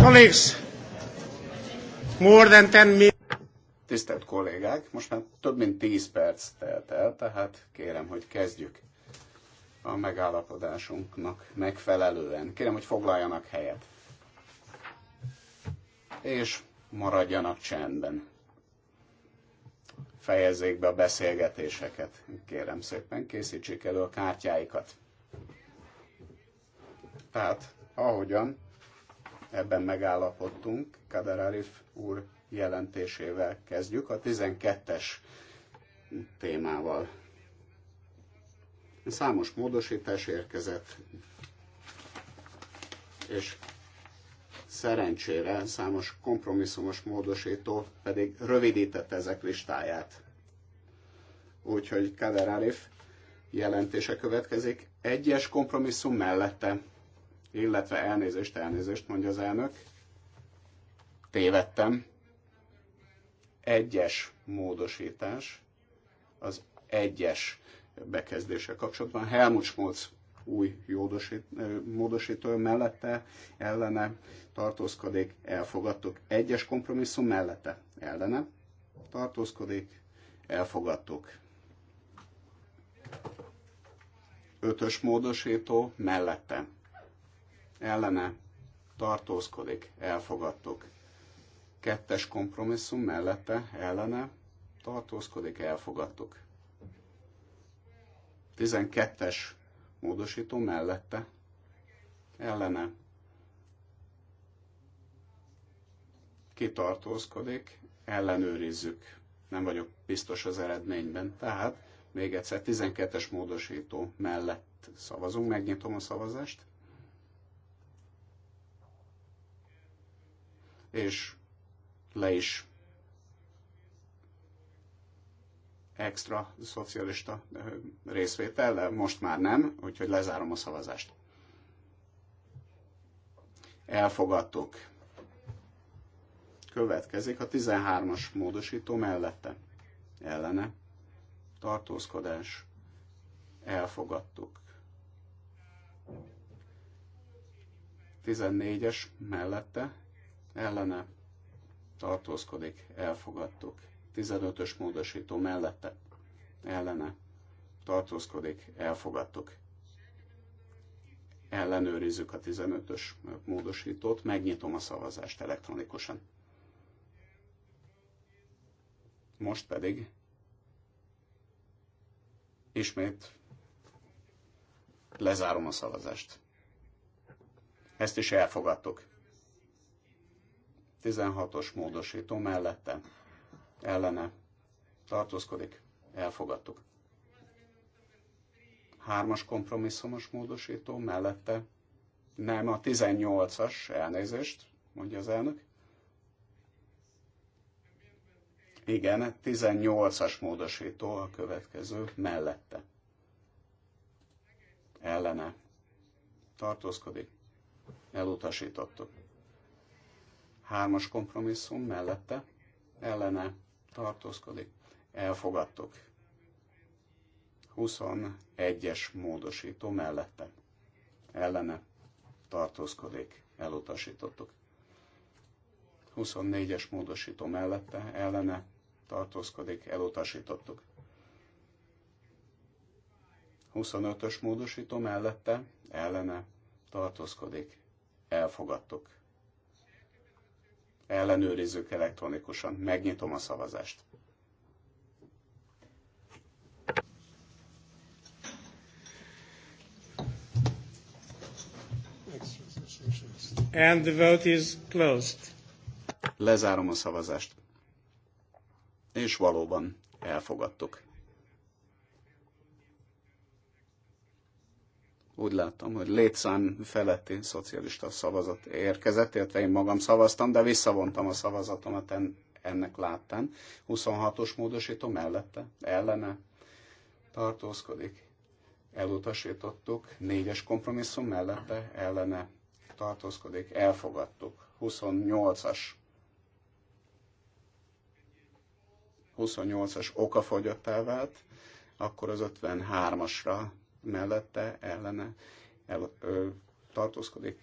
Speaker 1: Colleagues, more than 10 minutes.
Speaker 3: Tisztelt kollégák, most már több mint 10 perc telt el, tehát kérem, hogy kezdjük a megállapodásunknak megfelelően. Kérem, hogy foglaljanak helyet. És maradjanak csendben. Fejezzék be a beszélgetéseket. Kérem szépen, készítsék elő a kártyáikat. Tehát, ahogyan ebben megállapodtunk. Kader Arif úr jelentésével kezdjük, a 12-es témával. Számos módosítás érkezett, és szerencsére számos kompromisszumos módosító pedig rövidített ezek listáját. Úgyhogy Kader Arif jelentése következik egyes kompromisszum mellette illetve elnézést, elnézést, mondja az elnök. Tévedtem. Egyes módosítás, az egyes bekezdése kapcsolatban. Helmut Schmolz új jódosít, módosító mellette, ellene tartózkodik, elfogadtuk. Egyes kompromisszum mellette, ellene tartózkodik, elfogadtuk. Ötös módosító mellette, ellene tartózkodik, elfogadtuk. Kettes kompromisszum mellette, ellene tartózkodik, elfogadtuk. 12-es módosító mellette, ellene kitartózkodik, ellenőrizzük. Nem vagyok biztos az eredményben. Tehát még egyszer 12-es módosító mellett szavazunk, megnyitom a szavazást. és le is extra szocialista részvétellel, most már nem, úgyhogy lezárom a szavazást. Elfogadtuk. Következik a 13-as módosító mellette. Ellene. Tartózkodás. Elfogadtuk. 14-es mellette ellene tartózkodik, elfogadtuk. 15-ös módosító mellette ellene tartózkodik, elfogadtuk. Ellenőrizzük a 15-ös módosítót, megnyitom a szavazást elektronikusan. Most pedig ismét lezárom a szavazást. Ezt is elfogadtuk. 16-os módosító mellette ellene tartózkodik, elfogadtuk. Hármas kompromisszumos módosító mellette, nem a 18-as elnézést, mondja az elnök. Igen, 18-as módosító a következő mellette. Ellene tartózkodik, elutasítottuk. Hármas kompromisszum mellette ellene tartózkodik. Elfogadtuk. 21-es módosító mellette ellene tartózkodik. Elutasítottuk. 24-es módosító mellette ellene tartózkodik. Elutasítottuk. 25-ös módosító mellette ellene tartózkodik. Elfogadtuk ellenőrizzük elektronikusan. Megnyitom a szavazást.
Speaker 1: And the vote is closed.
Speaker 3: Lezárom a szavazást. És valóban elfogadtuk. úgy láttam, hogy létszám feletti szocialista szavazat érkezett, illetve én magam szavaztam, de visszavontam a szavazatomat ennek láttán. 26-os módosító mellette, ellene tartózkodik. Elutasítottuk, négyes kompromisszum mellette, ellene tartózkodik, elfogadtuk. 28-as 28-as okafogyottá vált, akkor az 53-asra mellette ellene el, ö, tartózkodik.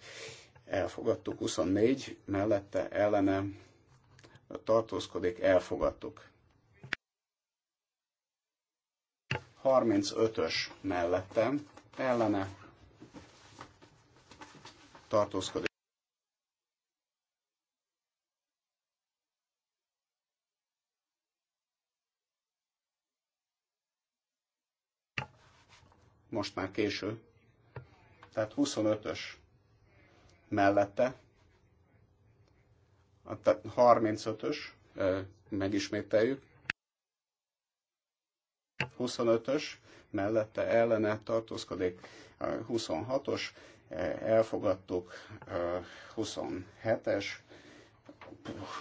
Speaker 3: Elfogadtuk 24, mellette ellene tartózkodik, elfogadtuk. 35-ös mellette ellene tartózkodik. most már késő. Tehát 25-ös mellette, a 35-ös, megismételjük, 25-ös, mellette ellene tartózkodik, 26-os, elfogadtuk, 27-es,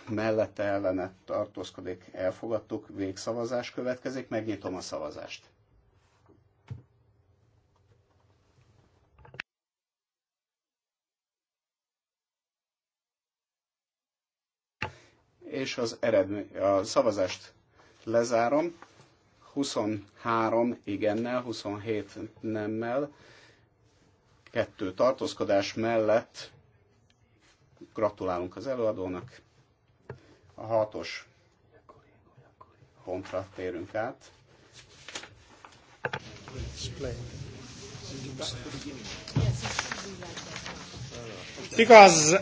Speaker 3: mellette ellene tartózkodik, elfogadtuk, végszavazás következik, megnyitom a szavazást. és az eredmény, a szavazást lezárom. 23 igennel, 27 nemmel, kettő tartózkodás mellett gratulálunk az előadónak. A hatos pontra térünk át. Because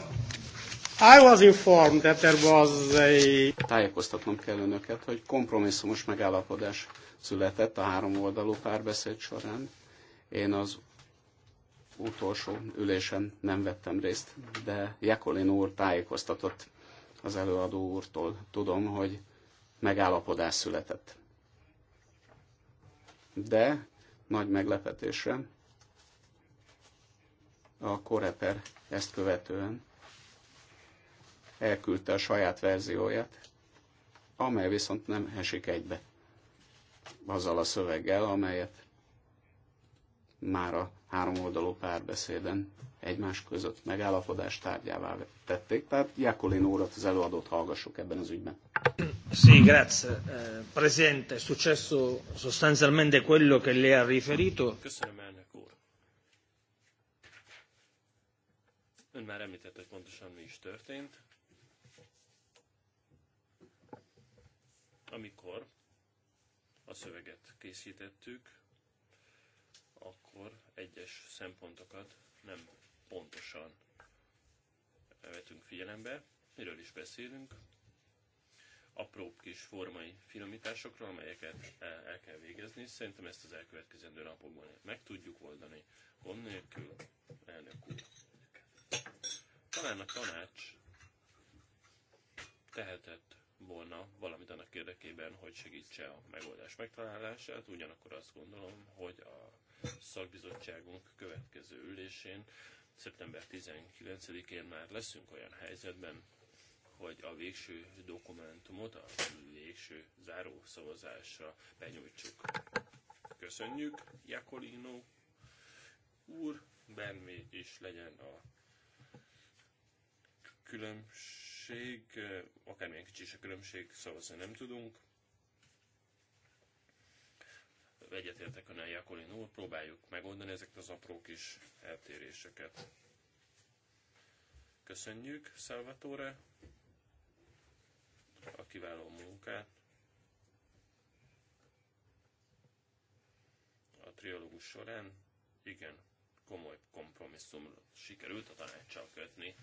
Speaker 1: I was informed that there was
Speaker 3: a... Tájékoztatnom kell önöket, hogy kompromisszumos megállapodás született a három oldalú párbeszéd során. Én az utolsó ülésen nem vettem részt, de Jekolin úr tájékoztatott az előadó úrtól. Tudom, hogy megállapodás született. De nagy meglepetésre a Koreper ezt követően elküldte a saját verzióját, amely viszont nem esik egybe azzal a szöveggel, amelyet már a három oldalú párbeszéden egymás között megállapodás tárgyává tették. Tehát Jakulin úrat, az előadót hallgassuk ebben az ügyben. Sì, grazie. Eh, Presidente, è successo
Speaker 2: sostanzialmente quello che lei ha riferito. Köszönöm, elnök úr. Ön már említette, hogy pontosan mi is történt. Amikor a szöveget készítettük, akkor egyes szempontokat nem pontosan eh, vetünk figyelembe, miről is beszélünk, apró kis formai finomításokról, amelyeket eh, el kell végezni. Szerintem ezt az elkövetkezendő napokban meg tudjuk oldani, gond nélkül, elnök úr. Talán a tanács tehetett volna valamit annak érdekében, hogy segítse a megoldás megtalálását. Ugyanakkor azt gondolom, hogy a szakbizottságunk következő ülésén, szeptember 19-én már leszünk olyan helyzetben, hogy a végső dokumentumot, a végső záró szavazásra benyújtsuk. Köszönjük, Jakolino úr, bármi is legyen a különbség különbség, eh, akármilyen kicsi is a különbség, szavazni nem tudunk. Egyetértek önnel, Jakolin úr, próbáljuk megoldani ezeket az apró kis eltéréseket. Köszönjük, Salvatore, a kiváló munkát. A triológus során igen, komoly kompromisszumra sikerült a tanácssal kötni.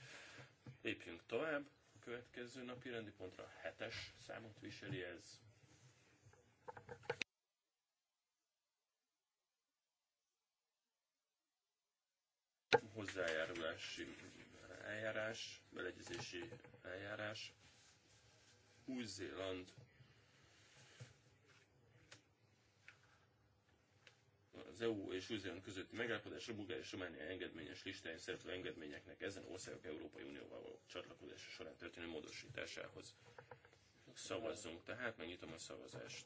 Speaker 2: Lépjünk tovább következő napi rendi pontra hetes számot viseli ez. Hozzájárulási eljárás, beleegyezési eljárás. Új-Zéland az EU és Grúzián közötti a Bulgária és Románia engedményes listáján szereplő engedményeknek ezen országok Európai Unióval való csatlakozása során történő módosításához. Szavazzunk, tehát megnyitom a szavazást.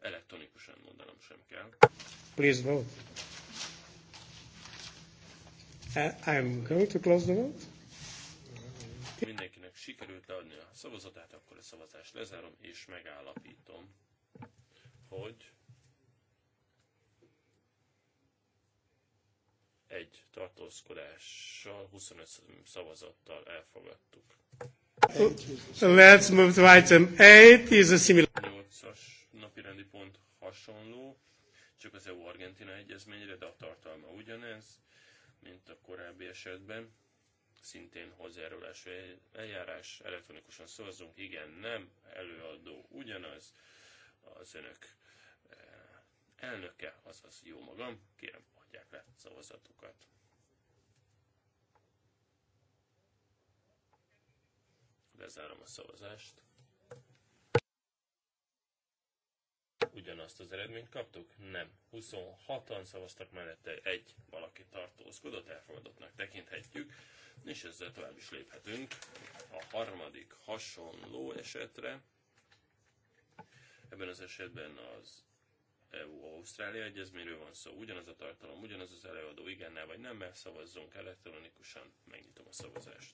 Speaker 2: Elektronikusan mondanom sem kell.
Speaker 1: Please vote. I am going to close the vote.
Speaker 2: Mindenki sikerült leadni a szavazatát, akkor a szavazást lezárom, és megállapítom, hogy egy tartózkodással, 25 szavazattal elfogadtuk.
Speaker 1: Let's move to item 8, is a similar...
Speaker 2: 8-as napirendi pont hasonló, csak az EU-Argentina egyezményre, de a tartalma ugyanez, mint a korábbi esetben szintén hozzájárulás eljárás, elektronikusan szavazunk, igen, nem, előadó ugyanaz, az önök eh, elnöke, azaz jó magam, kérem, adják le szavazatukat. Lezárom a szavazást. Ugyanazt az eredményt kaptuk? Nem. 26-an szavaztak mellette, egy valaki tartózkodott, elfogadottnak tekinthetjük és ezzel tovább is léphetünk a harmadik hasonló esetre. Ebben az esetben az EU-Ausztrália egyezményről van szó, ugyanaz a tartalom, ugyanaz az előadó, igennel vagy nem mert szavazzunk elektronikusan, megnyitom a szavazást.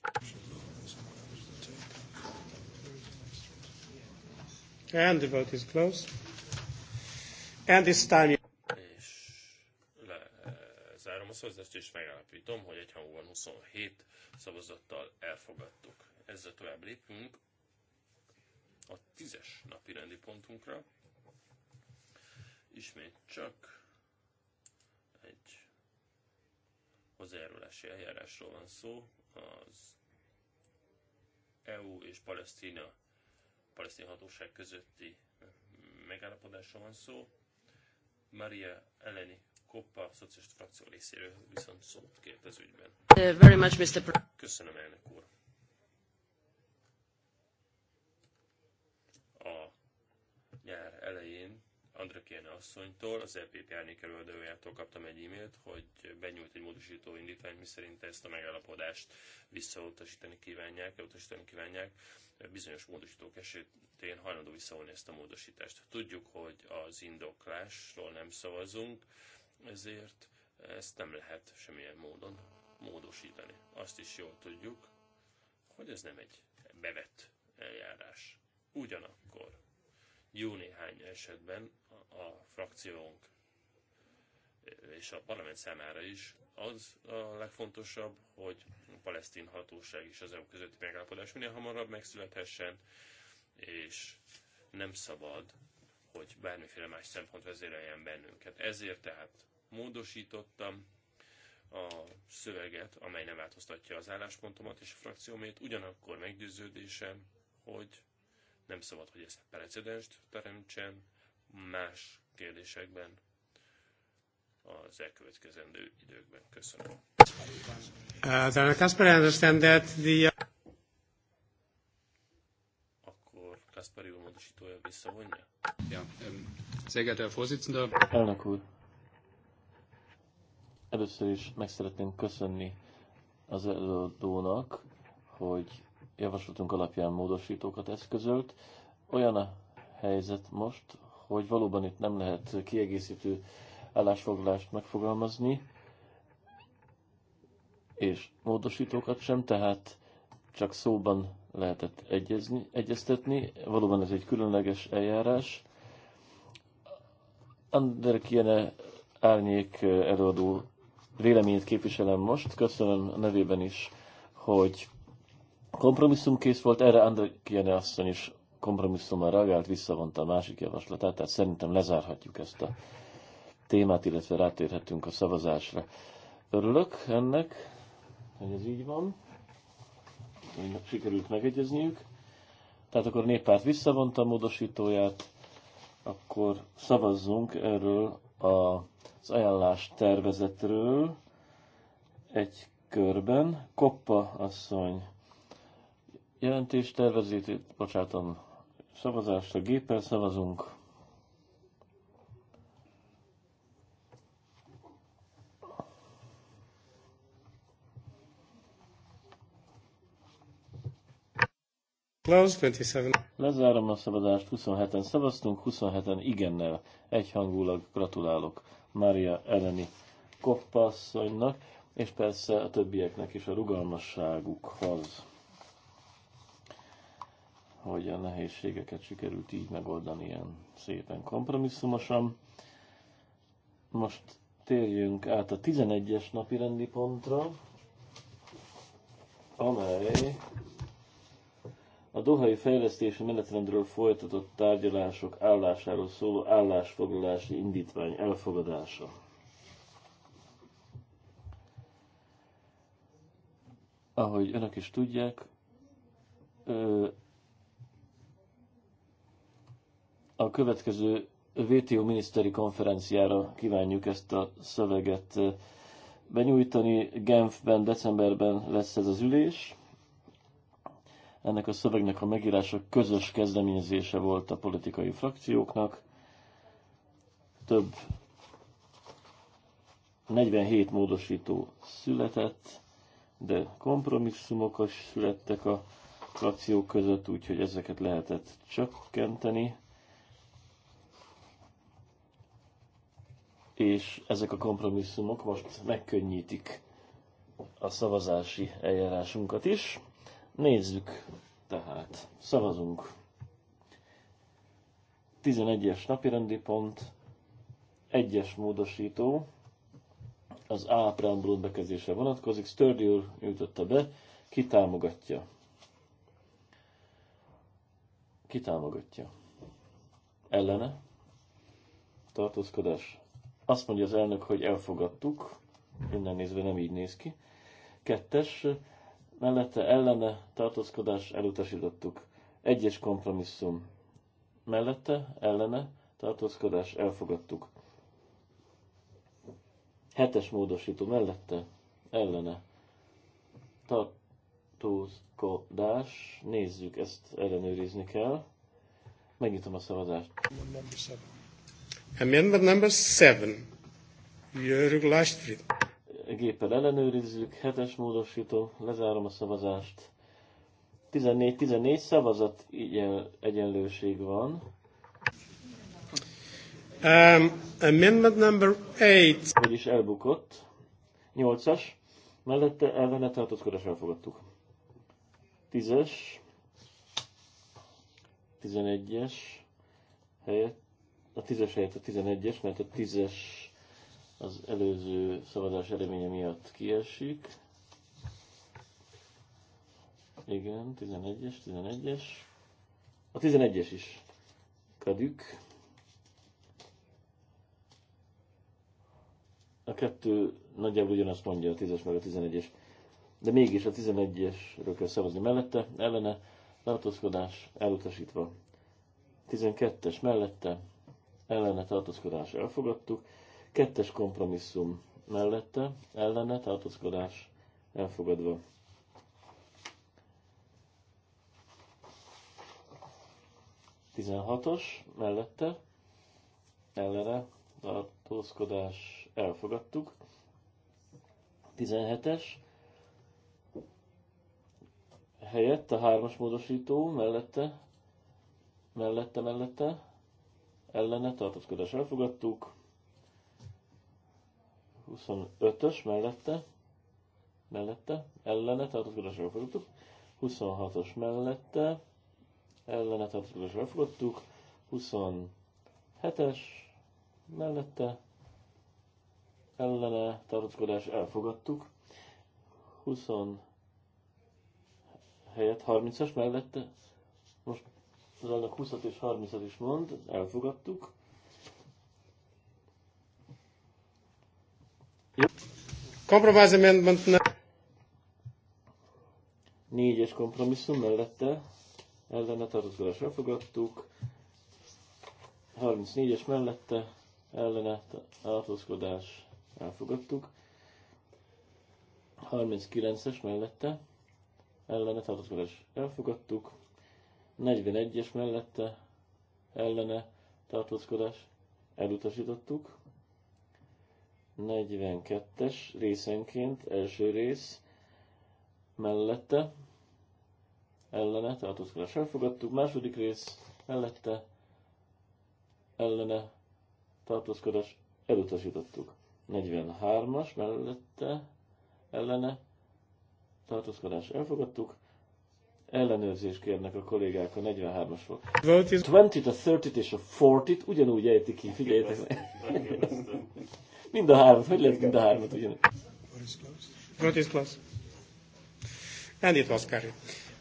Speaker 1: And the vote is closed. And this time
Speaker 2: Lezárom a szavazást, és megállapítom, hogy egyhangúan 27 szavazattal elfogadtuk. Ezzel tovább lépünk a tízes napi rendi pontunkra. Ismét csak egy hozzájárulási eljárásról van szó. Az EU és Palesztina, Palesztina hatóság közötti megállapodásról van szó. Maria Eleni Koppa, frakció részéről viszont szót kért az ügyben. Uh, very much, Mr. Köszönöm, elnök úr. A nyár elején Andra Kéne asszonytól, az EPP árnyék kaptam egy e-mailt, hogy benyújt egy módosító indítvány, miszerint ezt a megállapodást visszautasítani kívánják, elutasítani kívánják. Bizonyos módosítók esetén hajlandó visszavonni ezt a módosítást. Tudjuk, hogy az indoklásról nem szavazunk, ezért ezt nem lehet semmilyen módon módosítani. Azt is jól tudjuk, hogy ez nem egy bevett eljárás. Ugyanakkor jó néhány esetben a frakciónk és a parlament számára is az a legfontosabb, hogy a palesztin hatóság és az EU közötti megállapodás minél hamarabb megszülethessen, és nem szabad hogy bármiféle más szempont vezéreljen bennünket. Ezért tehát módosítottam a szöveget, amely nem változtatja az álláspontomat és a frakciómét, ugyanakkor meggyőződésem, hogy nem szabad, hogy ez precedenst teremtsen más kérdésekben az elkövetkezendő időkben. Köszönöm. Uh, Kasparió módosítója visszavonja? Ja, sehr geehrter Herr Vorsitzender.
Speaker 4: Elnök úr, először is meg szeretném köszönni az előadónak, hogy javaslatunk alapján módosítókat eszközölt. Olyan a helyzet most, hogy valóban itt nem lehet kiegészítő állásfoglalást megfogalmazni, és módosítókat sem, tehát csak szóban lehetett egyezni, egyeztetni. Valóban ez egy különleges eljárás. Ander Kiene árnyék előadó véleményét képviselem most. Köszönöm a nevében is, hogy kompromisszumkész volt. Erre Ander Kiene asszony is kompromisszummal reagált, visszavonta a másik javaslatát, tehát szerintem lezárhatjuk ezt a témát, illetve rátérhetünk a szavazásra. Örülök ennek, hogy ez így van sikerült megegyezniük. Tehát akkor néppárt visszavonta a módosítóját, akkor szavazzunk erről az ajánlás tervezetről egy körben. Koppa asszony jelentést tervezét, bocsátom, szavazásra géppel szavazunk. 27. Lezárom a szavazást, 27-en szavaztunk, 27-en igennel, egyhangulag gratulálok Mária Eleni Koppasszonynak, és persze a többieknek is a rugalmasságukhoz, hogy a nehézségeket sikerült így megoldani ilyen szépen kompromisszumosan. Most térjünk át a 11-es napi rendi pontra, amely a Dohai fejlesztési menetrendről folytatott tárgyalások állásáról szóló állásfoglalási indítvány elfogadása. Ahogy önök is tudják, a következő WTO miniszteri konferenciára kívánjuk ezt a szöveget benyújtani. Genfben, decemberben lesz ez az ülés. Ennek a szövegnek a megírása közös kezdeményezése volt a politikai frakcióknak. Több 47 módosító született, de kompromisszumok is születtek a frakciók között, úgyhogy ezeket lehetett csökkenteni. És ezek a kompromisszumok most megkönnyítik a szavazási eljárásunkat is. Nézzük tehát. Szavazunk. 11-es napirendi pont, 1-es módosító, az A preambulum bekezdése vonatkozik, Sturdy úr nyújtotta be, ki támogatja? Ki támogatja? Ellene? Tartózkodás. Azt mondja az elnök, hogy elfogadtuk, innen nézve nem így néz ki. Kettes, mellette ellene tartózkodás elutasítottuk. Egyes kompromisszum mellette ellene tartózkodás elfogadtuk. Hetes módosító mellette ellene tartózkodás. Nézzük, ezt ellenőrizni kell. Megnyitom a szavazást. Amendment number seven. Jörg Leichtfried géppel ellenőrizzük, hetes módosító, lezárom a szavazást. 14-14 szavazat egyenlőség van. Um, amendment number 8. Vagyis elbukott. 8-as. Mellette ellene tartózkodás elfogadtuk. 10-es. 11-es. Helyett, a 10-es helyett a 11-es, mert a 10-es az előző szavazás eredménye miatt kiesik. Igen, 11-es, 11-es. A 11-es is kadük. A kettő nagyjából ugyanazt mondja a 10-es meg a 11-es. De mégis a 11-esről kell szavazni mellette, ellene, tartózkodás elutasítva. 12-es mellette, ellene tartózkodás elfogadtuk. Kettes kompromisszum mellette, ellene tartózkodás elfogadva. Tizenhatos mellette, ellene tartózkodás elfogadtuk. 17-es helyett a hármas módosító mellette, mellette, mellette, ellene tartózkodás elfogadtuk. 25-ös mellette, mellette, ellene tartózkodás elfogadtuk, 26-os mellette, ellene tartózkodás elfogadtuk, 27-es mellette, ellene tartózkodás elfogadtuk, 20 helyett 30-as mellette, most az annak 20 és 30 is mond, elfogadtuk,
Speaker 1: Compromise amendment ne...
Speaker 4: Négyes kompromisszum mellette ellene tartózkodás elfogadtuk. 34-es mellette ellene tartózkodás elfogadtuk. 39-es mellette ellene tartózkodás elfogadtuk. 41-es mellette ellene tartózkodás elutasítottuk. 42-es részenként, első rész mellette, ellene, tartózkodás elfogadtuk, második rész mellette, ellene, tartózkodás elutasítottuk. 43-as mellette, ellene, tartózkodás elfogadtuk, ellenőrzést kérnek a kollégák a 43-asról.
Speaker 1: 20-t,
Speaker 4: a 30-t és a 40-t ugyanúgy ejti ki, figyeljetek
Speaker 1: meg.
Speaker 4: Mind a hármat, hogy lehet mind a hármat ugyanúgy?
Speaker 1: Vote is closed. And it was carried.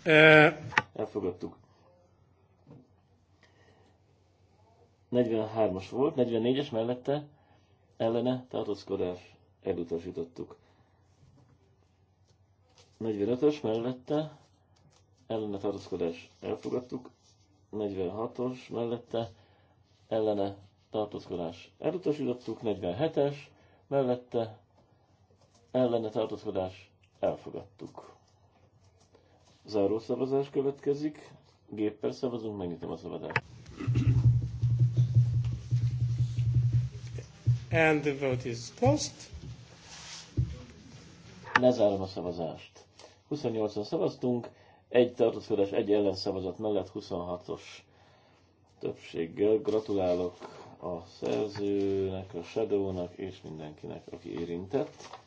Speaker 4: Uh, Elfogadtuk. 43-as volt, 44-es mellette ellene tartózkodás elutasítottuk. 45-ös mellette ellene tartózkodás elfogadtuk, 46-os mellette ellene tartózkodás elutasítottuk, 47-es, mellette ellene tartózkodás elfogadtuk. Záró szavazás következik, géppel szavazunk, megnyitom a szavazást.
Speaker 1: And the vote is closed. Lezárom a szavazást.
Speaker 4: 28-an szavaztunk, egy tartózkodás, egy ellenszavazat mellett 26-os többséggel. Gratulálok a szerzőnek, a Shadownak és mindenkinek, aki érintett,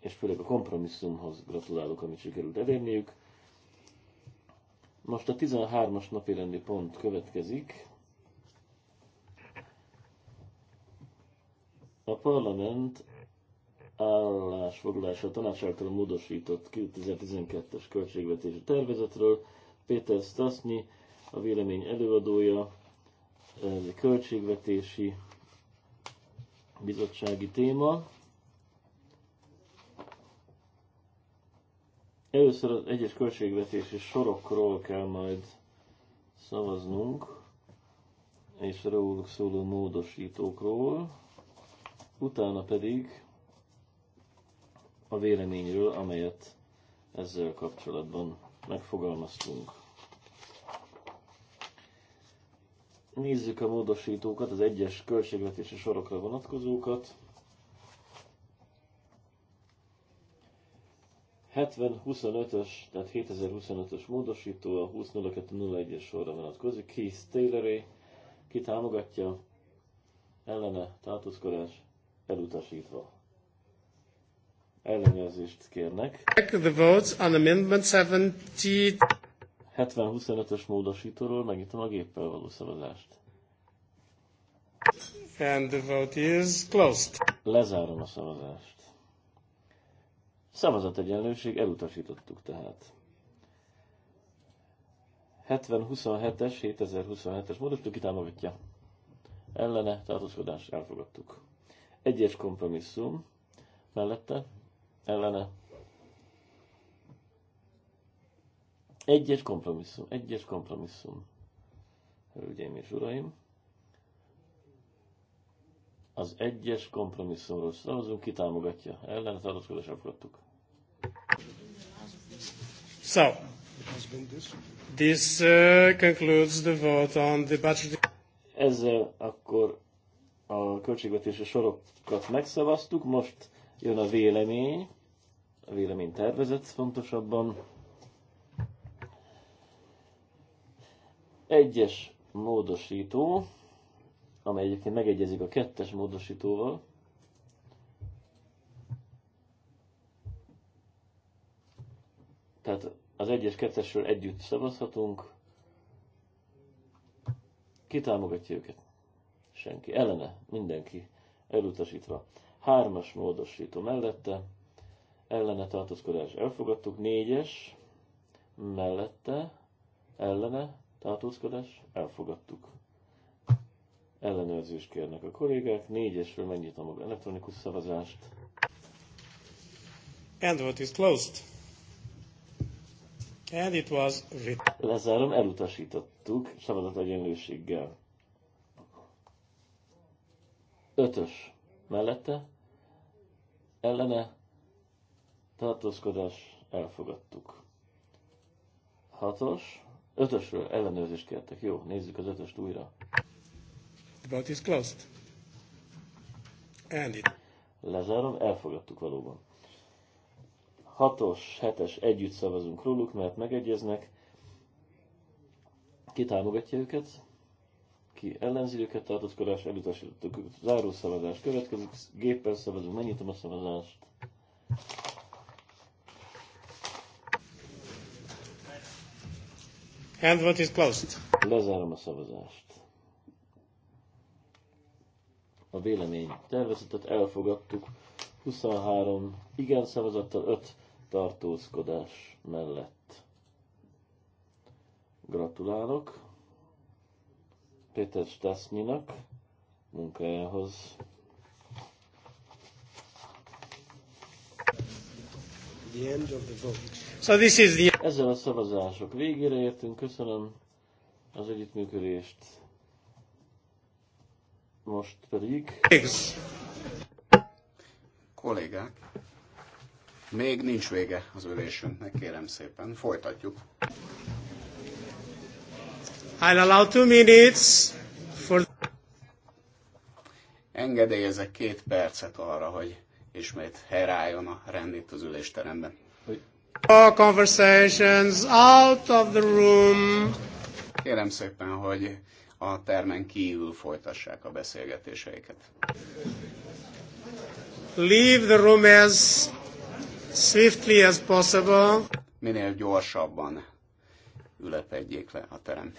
Speaker 4: és főleg a kompromisszumhoz gratulálok, amit sikerült elérniük. Most a 13-as napi rendi pont következik. A parlament állásfoglalása a tanács által módosított 2012-es költségvetési tervezetről. Péter Stasznyi, a vélemény előadója, költségvetési bizottsági téma. Először az egyes költségvetési sorokról kell majd szavaznunk, és róluk szóló módosítókról, utána pedig a véleményről, amelyet ezzel kapcsolatban megfogalmaztunk. Nézzük a módosítókat, az egyes költségvetési sorokra vonatkozókat. 70-25-ös, tehát 7025-ös módosító a 20.02.01-es sorra vonatkozik. Keith Tayloré, ki támogatja, ellene tartózkodás elutasítva. Ellenőrzést kérnek.
Speaker 1: Check the votes on
Speaker 4: amendment 70. 70-25-ös módosítóról megnyitom a géppel való szavazást.
Speaker 1: And the vote is closed.
Speaker 4: Lezárom a szavazást. Szavazategyenlőség elutasítottuk tehát. 70-27-es, 7027-es módosító kitámogatja. Ellene tartózkodás elfogadtuk. Egyes kompromisszum mellette, ellene Egyes kompromisszum, egyes kompromisszum. Hölgyeim és uraim, az egyes kompromisszumról szavazunk, ki támogatja. Ellen tartózkodás elfogadtuk.
Speaker 1: So, this uh, concludes the vote on the budget.
Speaker 4: Ezzel akkor a költségvetési sorokat megszavaztuk, most jön a vélemény, a vélemény tervezet fontosabban. Egyes módosító, amely egyébként megegyezik a kettes módosítóval, tehát az egyes kettesről együtt szavazhatunk. Ki támogatja őket? Senki. Ellene? Mindenki. Elutasítva. Hármas módosító mellette. Ellene tartózkodás elfogadtuk. Négyes mellette. Ellene tartózkodás, elfogadtuk. Ellenőrzést kérnek a kollégák, négyesről mennyit a elektronikus szavazást.
Speaker 1: And what is closed. And it was Lezárom,
Speaker 4: elutasítottuk szavazat egyenlőséggel. Ötös mellette, ellene, tartózkodás, elfogadtuk. Hatos Ötösről ellenőrzést kértek. Jó, nézzük az ötöst újra.
Speaker 1: The it's is closed. And it.
Speaker 4: Lezárom, elfogadtuk valóban. Hatos, hetes együtt szavazunk róluk, mert megegyeznek. Ki támogatja őket? Ki ellenzi őket? Tartózkodás, elutasítottuk. Záró szavazás következik. Géppel szavazunk, megnyitom a szavazást. And vote is closed. Lezárom a szavazást. A vélemény tervezetet elfogadtuk 23 igen szavazattal 5 tartózkodás mellett. Gratulálok Péter Stasnynak munkájához.
Speaker 1: The end of the vote. So
Speaker 4: this is the... Ezzel a szavazások végére értünk. Köszönöm az együttműködést.
Speaker 3: Most pedig... Kollégák, még nincs vége az ülésünknek, kérem szépen, folytatjuk.
Speaker 1: I'll allow two minutes for...
Speaker 3: Engedélyezek két percet arra, hogy ismét helyreálljon a rend itt az ülésteremben.
Speaker 1: All conversations out of the room.
Speaker 3: Kérem szépen, hogy a termen kívül folytassák a beszélgetéseiket.
Speaker 1: Leave the room as swiftly as possible.
Speaker 3: Minél gyorsabban
Speaker 1: ülepedjék le a terem.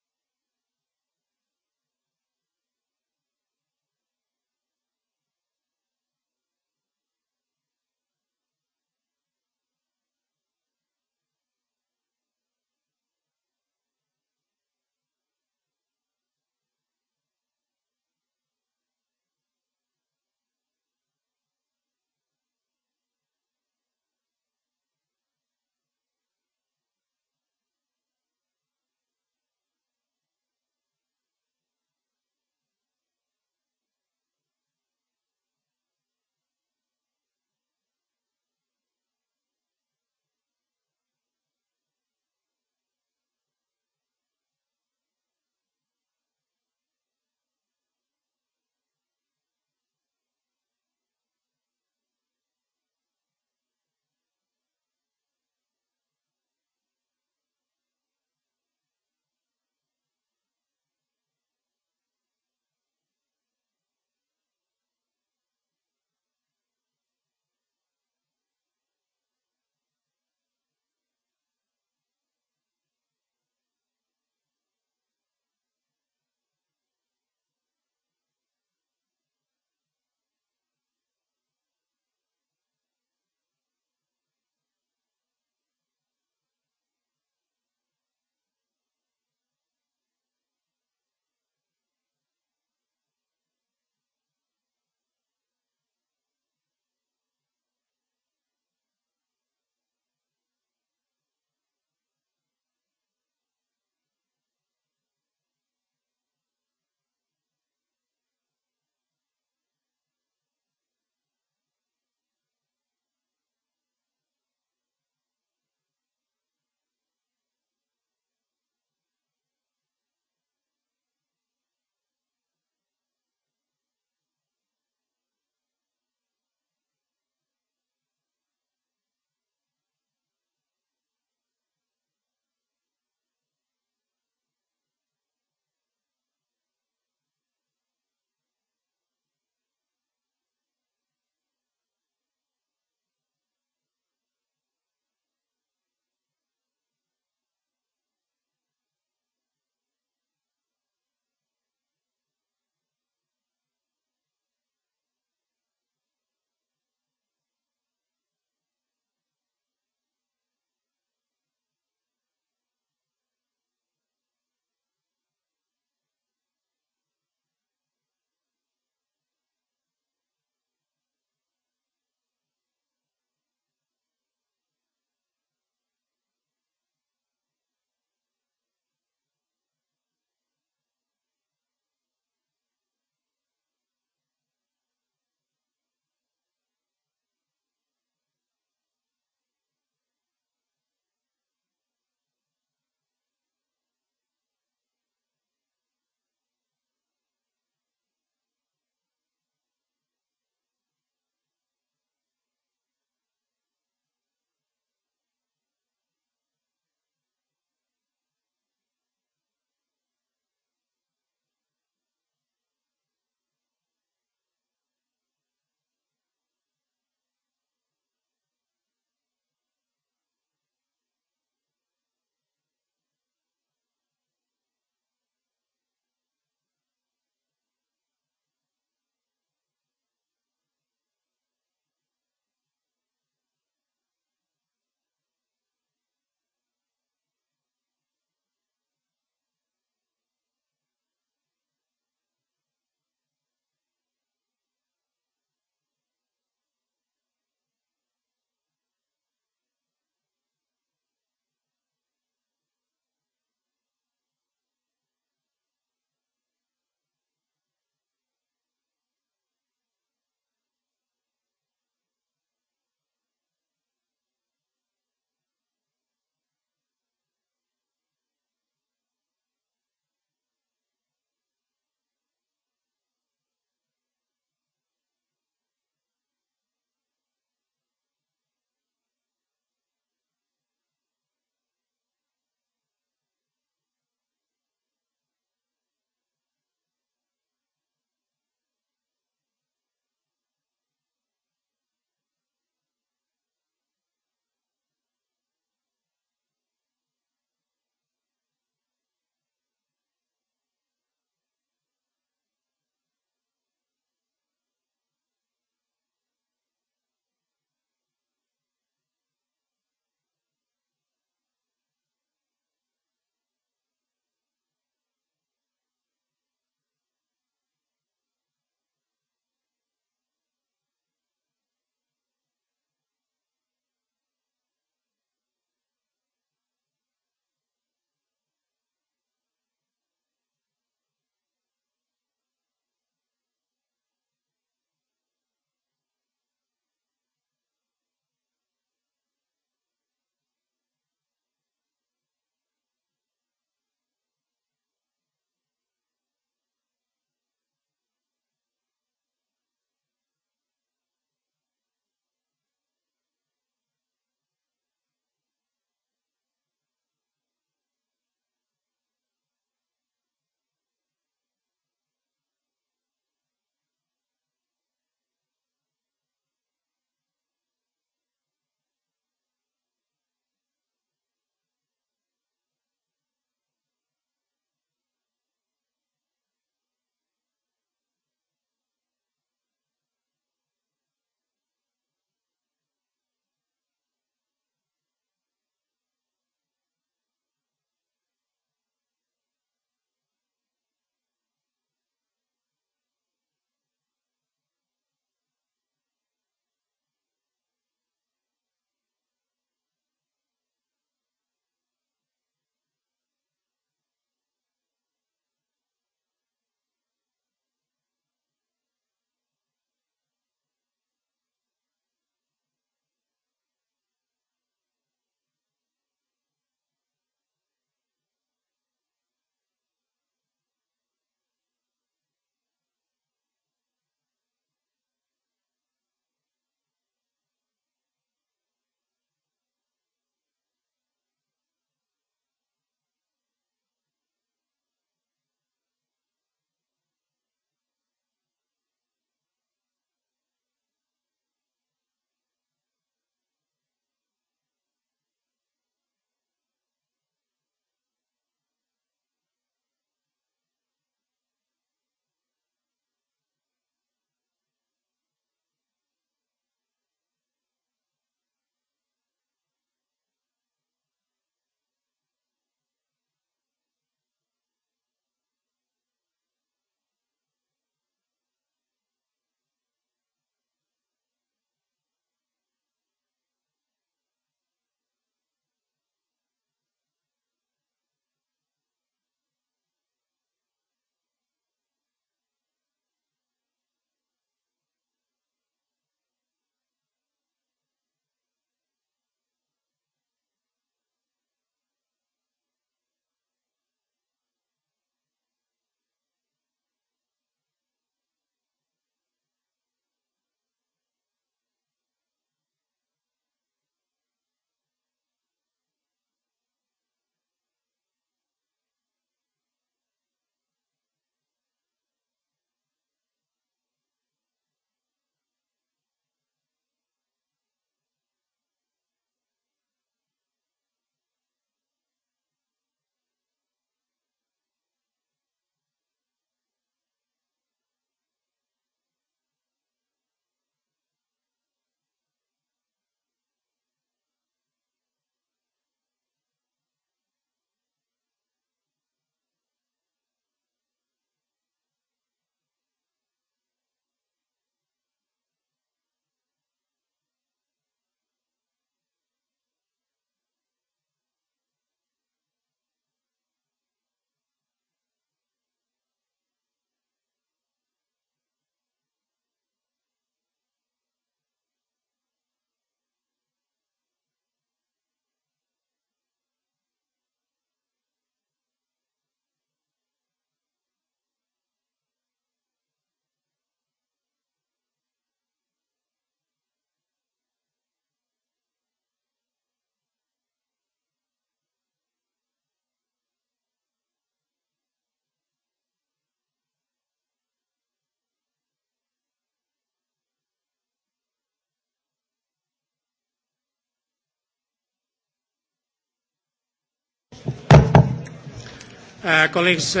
Speaker 1: Uh, colleagues, uh,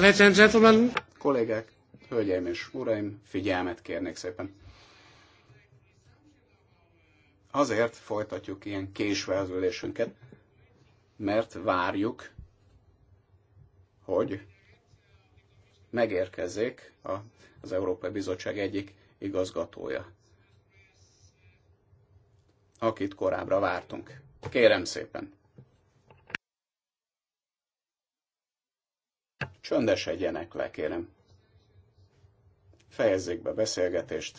Speaker 1: ladies and gentlemen.
Speaker 3: Kollégák, hölgyeim és uraim, figyelmet kérnék szépen. Azért folytatjuk ilyen késve az ülésünket, mert várjuk, hogy megérkezzék a, az Európai Bizottság egyik igazgatója, akit korábbra vártunk. Kérem szépen! Csöndesedjenek le, kérem. Fejezzék be beszélgetést.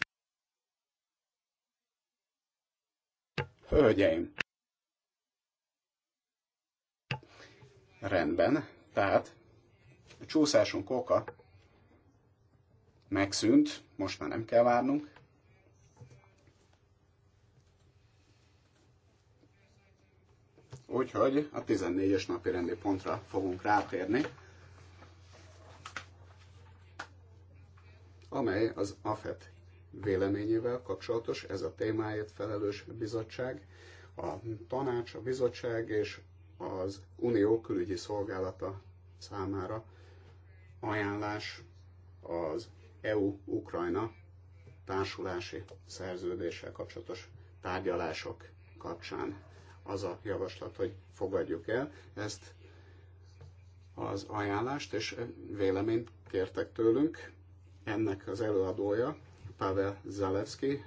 Speaker 3: Hölgyeim! Rendben, tehát a csúszásunk oka megszűnt, most már nem kell várnunk. Úgyhogy a 14-es napi rendi pontra fogunk rátérni, amely az AFET véleményével kapcsolatos, ez a témáért felelős bizottság, a tanács, a bizottság és az Unió külügyi szolgálata számára ajánlás az EU-Ukrajna társulási szerződéssel kapcsolatos tárgyalások kapcsán az a javaslat, hogy fogadjuk el ezt az ajánlást, és véleményt kértek tőlünk ennek az előadója Pavel Zalewski,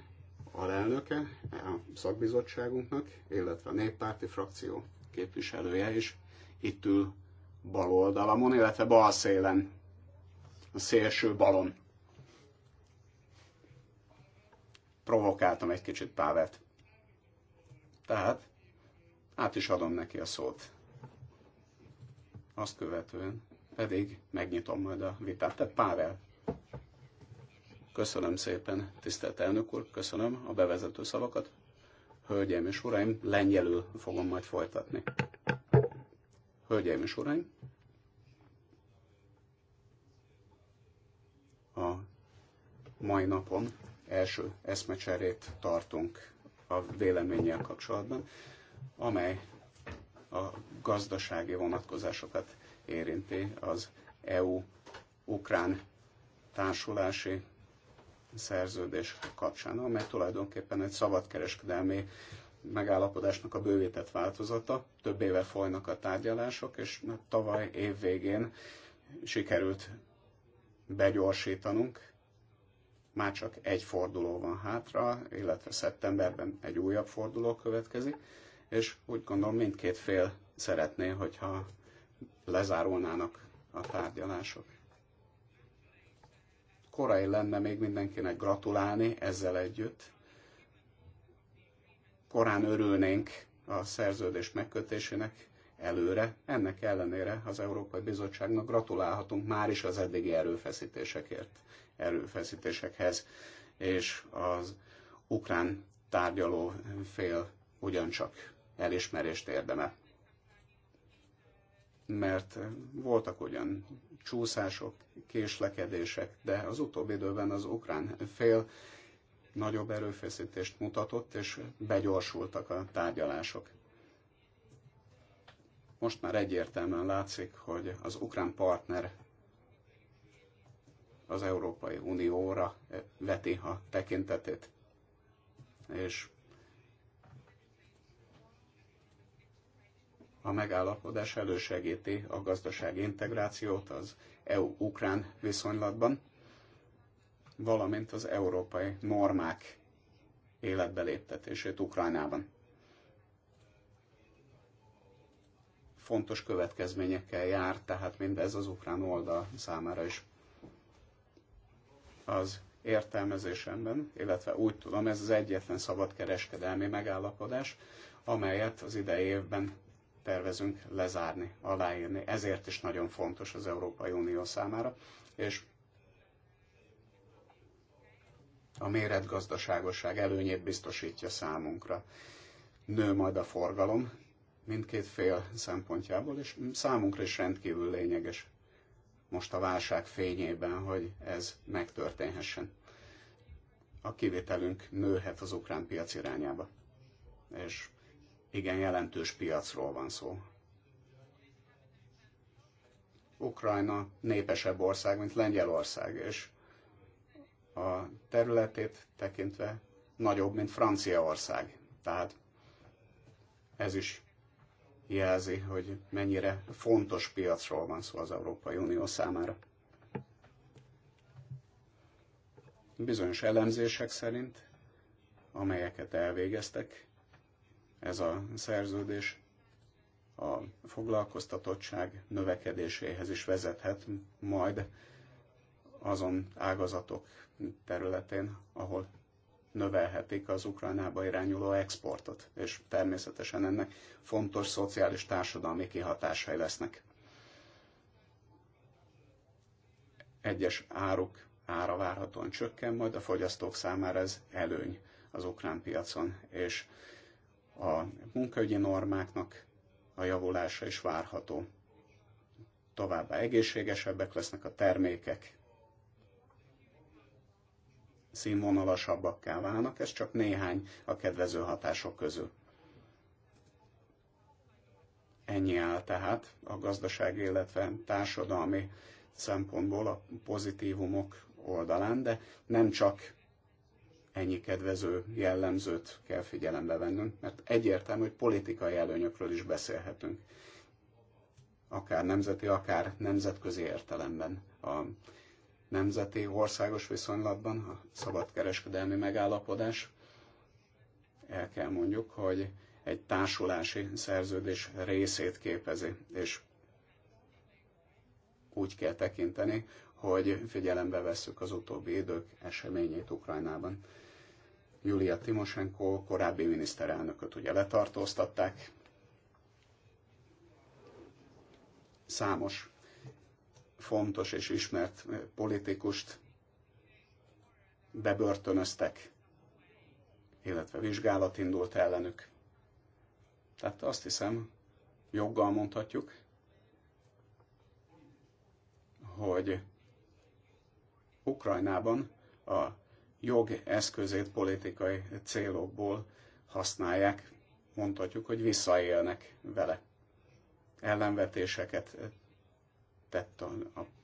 Speaker 3: lelnöke a szakbizottságunknak, illetve a néppárti frakció képviselője is itt ül bal oldalamon, illetve bal szélen, a szélső balon. Provokáltam egy kicsit Pávet. Tehát át is adom neki a szót. Azt követően pedig megnyitom majd a vitát. Te Pável, Köszönöm szépen, tisztelt elnök úr, köszönöm a bevezető szavakat. Hölgyeim és uraim, lengyelül fogom majd folytatni. Hölgyeim és uraim, a mai napon első eszmecserét tartunk a véleménnyel kapcsolatban, amely a gazdasági vonatkozásokat érinti az EU-Ukrán társulási szerződés kapcsán, amely tulajdonképpen egy szabadkereskedelmi megállapodásnak a bővített változata. Több éve folynak a tárgyalások, és hát tavaly év végén sikerült begyorsítanunk. Már csak egy forduló van hátra, illetve szeptemberben egy újabb forduló következik, és úgy gondolom mindkét fél szeretné, hogyha lezárulnának a tárgyalások korai lenne még mindenkinek gratulálni ezzel együtt. Korán örülnénk a szerződés megkötésének előre. Ennek ellenére az Európai Bizottságnak gratulálhatunk már is az eddigi erőfeszítésekért, erőfeszítésekhez, és az ukrán tárgyaló fél ugyancsak elismerést érdemel mert voltak olyan csúszások, késlekedések, de az utóbbi időben az ukrán fél nagyobb erőfeszítést mutatott, és begyorsultak a tárgyalások. Most már egyértelműen látszik, hogy az ukrán partner az Európai Unióra veti a tekintetét, és a megállapodás elősegíti a gazdasági integrációt az EU-Ukrán viszonylatban, valamint az európai normák életbe léptetését Ukrajnában. Fontos következményekkel jár, tehát mindez az ukrán oldal számára is. Az értelmezésemben, illetve úgy tudom, ez az egyetlen szabadkereskedelmi megállapodás, amelyet az idei évben tervezünk lezárni, aláírni. Ezért is nagyon fontos az Európai Unió számára, és a méretgazdaságosság előnyét biztosítja számunkra. Nő majd a forgalom mindkét fél szempontjából, és számunkra is rendkívül lényeges most a válság fényében, hogy ez megtörténhessen. A kivételünk nőhet az ukrán piac irányába. És igen jelentős piacról van szó. Ukrajna népesebb ország, mint Lengyelország, és a területét tekintve nagyobb, mint Franciaország. Tehát ez is jelzi, hogy mennyire fontos piacról van szó az Európai Unió számára. Bizonyos elemzések szerint, amelyeket elvégeztek, ez a szerződés a foglalkoztatottság növekedéséhez is vezethet majd azon ágazatok területén, ahol növelhetik az Ukrajnába irányuló exportot, és természetesen ennek fontos szociális társadalmi kihatásai lesznek. Egyes áruk ára várhatóan csökken, majd a fogyasztók számára ez előny az ukrán piacon, és a munkaügyi normáknak a javulása is várható. Továbbá egészségesebbek lesznek a termékek, színvonalasabbakká válnak, ez csak néhány a kedvező hatások közül. Ennyi áll tehát a gazdaság, illetve társadalmi szempontból a pozitívumok oldalán, de nem csak ennyi kedvező jellemzőt kell figyelembe vennünk, mert egyértelmű, hogy politikai előnyökről is beszélhetünk, akár nemzeti, akár nemzetközi értelemben. A nemzeti országos viszonylatban a szabadkereskedelmi megállapodás, el kell mondjuk, hogy egy társulási szerződés részét képezi, és úgy kell tekinteni, hogy figyelembe vesszük az utóbbi idők eseményét Ukrajnában. Julia Timoshenko korábbi miniszterelnököt ugye letartóztatták. Számos fontos és ismert politikust bebörtönöztek, illetve vizsgálat indult ellenük. Tehát azt hiszem, joggal mondhatjuk, hogy Ukrajnában a jog eszközét politikai célokból használják, mondhatjuk, hogy visszaélnek vele. Ellenvetéseket tett a,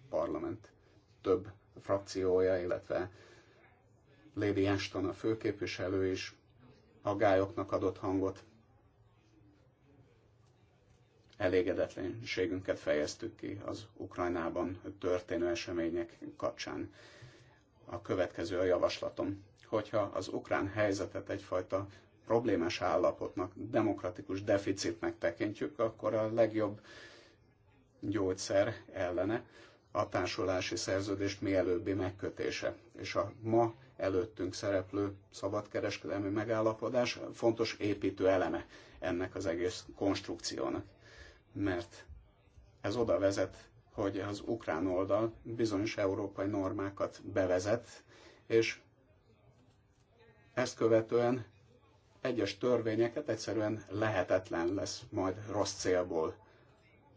Speaker 3: parlament több frakciója, illetve Lady Ashton a főképviselő is aggályoknak adott hangot. Elégedetlenségünket fejeztük ki az Ukrajnában történő események kapcsán a következő a javaslatom. Hogyha az ukrán helyzetet egyfajta problémás állapotnak, demokratikus deficitnek tekintjük, akkor a legjobb gyógyszer ellene a társulási szerződés mielőbbi megkötése. És a ma előttünk szereplő szabadkereskedelmi megállapodás fontos építő eleme ennek az egész konstrukciónak. Mert ez oda vezet hogy az ukrán oldal bizonyos európai normákat bevezet, és ezt követően egyes törvényeket egyszerűen lehetetlen lesz majd rossz célból